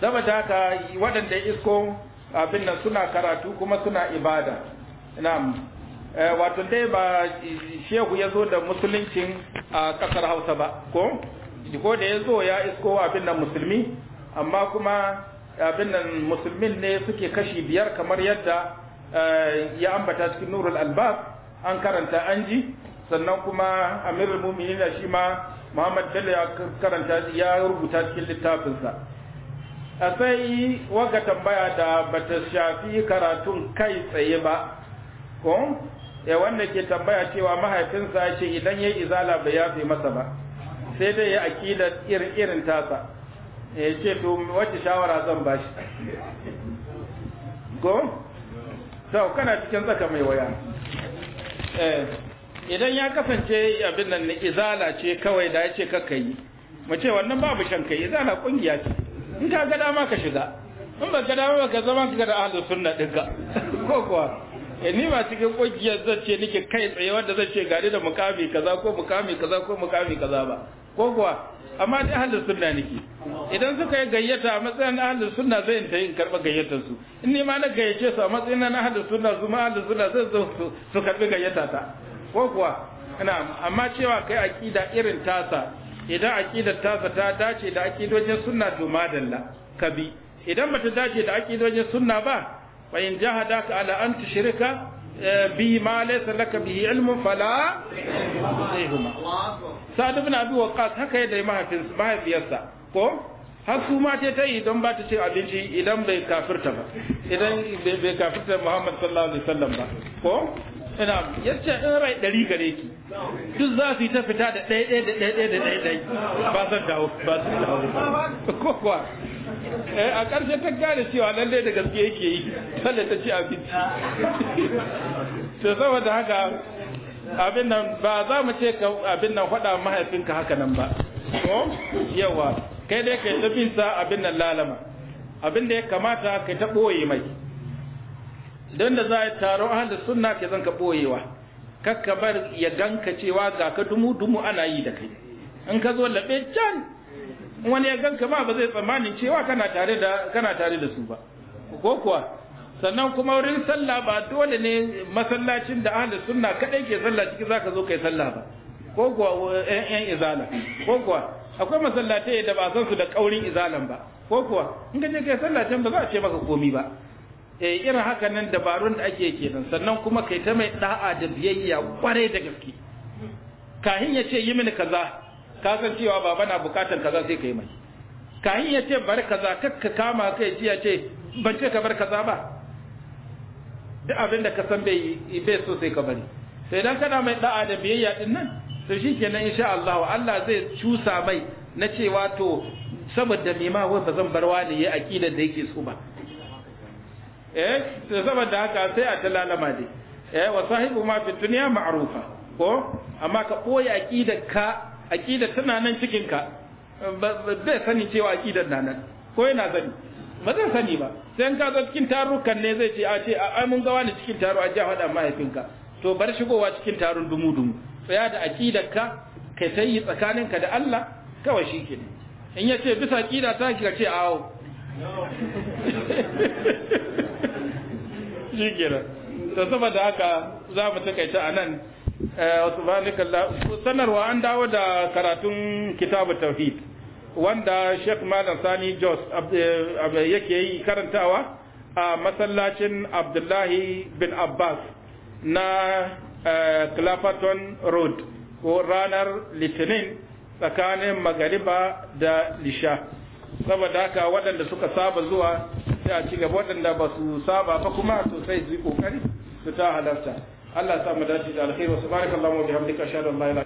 saboda haka waɗanda isko abin nan suna karatu kuma suna ibada na'am eh, wato dai ba shehu ya zo da musuluncin a ƙasar Hausa ba ko shigo da ya zo ya isko abin nan musulmi amma kuma abin nan musulmin ne suke kashi biyar kamar yadda eh, ya ambata cikin nurul albab an karanta an sannan kuma amirul mu'minin shi ma muhammad bello ya karanta ya rubuta cikin littafinsa a sai waga tambaya da bata shafi karatun kai tsaye ba ko ya eh, wanda ke tambaya cewa mahaifinsa ce idan ya izala bai yafe masa ba sai dai ya akidar irin irin tasa ya ce to wacce shawara zan bashi go to kana cikin tsaka mai waya eh idan ya kasance abin nan ne izala ce kawai da ya ce kakka yi mu ce wannan babu shan kai izala kungiya ce in ka ga dama ka shiga in ba ga dama ka zama ka da ahlus sunna dinka ko kuwa eh, ni ba cikin kungiyar zan ce nike kai tsaye wanda zan ce gari da mukami kaza ko mukami kaza ko mukami kaza ba ko kuwa amma dai ahlus sunna nake idan suka yi gayyata a matsayin ahlus sunna zai ta yin karɓar gayyatar su in ni ma na gayyace su a matsayin na ahlus sunna su ma ahlus sunna zai zo su karɓi gayyata ta ko kuwa ina amma cewa kai aqida irin tasa idan aqidar tasa ta dace da aqidojin sunna to madalla kabi idan bata dace da aqidojin sunna ba fa in jahadaka ala an tushrika eh, bi ma laysa laka bihi ilmun fala tuhihuma sa'ad ibn abi waqqas haka yadda mahaifinsa mahaifiyarsa ko har su ma ta yi don ba ta cin abinci idan bai kafirta ba idan bai kafirta Muhammad sallallahu alaihi wasallam ba ko ina yace in rai dari gare ki duk za su yi ta fita da ɗaya ɗaya da ɗaya ɗaya da ɗaya ɗaya ba ta dawo ba zan dawo ko kuwa eh, a ƙarshe ta gane cewa lallai da gaske yake yi sallar ta ci abinci to saboda haka abin nan ba za mu ce ka abin nan faɗa mahaifinka haka nan ba ko yawa kai dai kai ta bin sa abin nan lalama abin da ya kamata kai ta ɓoye mai don da za a taron ahalin sunna ke zan ka ɓoyewa kakka bar ya ganka cewa ga ka dumu dumu ana yi da kai in ka zo laɓe can wani ya ganka ma ba zai tsammanin cewa kana tare da kana tare da su ba ko kuwa sannan kuma wurin sallah ba dole ne masallacin da ahlus sunna kadai ke sallah ciki zaka zo kai sallah ba ko kuwa eh, eh, yan izala ko kuwa akwai masallatai da ba san su da kaurin izalan ba ko kuwa in ka je kai sallah can ba za a ce maka komi ba eh irin haka nan dabarun da ake kenan sannan kuma kai ta mai da'a da biyayya kwarai da gaske kahin ya ce yi mini kaza ka san cewa baba na bukatar kaza sai kai mai kahin ya ce bar kaza kakka kama kai ji ya ce ban ce ka bar kaza ba duk abin da ka san bai bai so sai ka bari sai dan kana mai da'a da biyayya din nan to shikenan insha Allah Allah zai cusa mai na cewa to saboda me ma wai bazan bar wani yayi aqidar da yake so ba eh to saboda haka sai a talalama dai eh wa sahibu ma fi dunya ma'rufa ko amma ka boye aqidar ka aqidar tana nan cikin ka bai sani cewa aqidar na nan ko yana zani ba zan sani ba sai ka zo cikin tarukan ne zai ce a ce a mun ga wani cikin taro a jiya faɗa mahaifinka to bar shigowa cikin taron dumu dumu tsaya da aqidarka kai yi tsakaninka da Allah kawai shi ke in ya ce bisa aqida ta ki ce awo shikenan to saboda haka za mu takaita anan eh, subhanakallah sanarwa an dawo da karatun kitabut tauhid wanda Sheikh Malam Sani Jos eh, yake yi karantawa a masallacin Abdullahi bin Abbas na eh, Clapperton Road ko ranar Litinin tsakanin Magariba da Lisha. Saboda haka waɗanda suka saba zuwa sai a ci gaba waɗanda ba su saba ba kuma sosai su yi ƙoƙari su ta halarta. Allah sa mu dace da alkhairi subhanakallahumma wa bihamdika ashhadu an la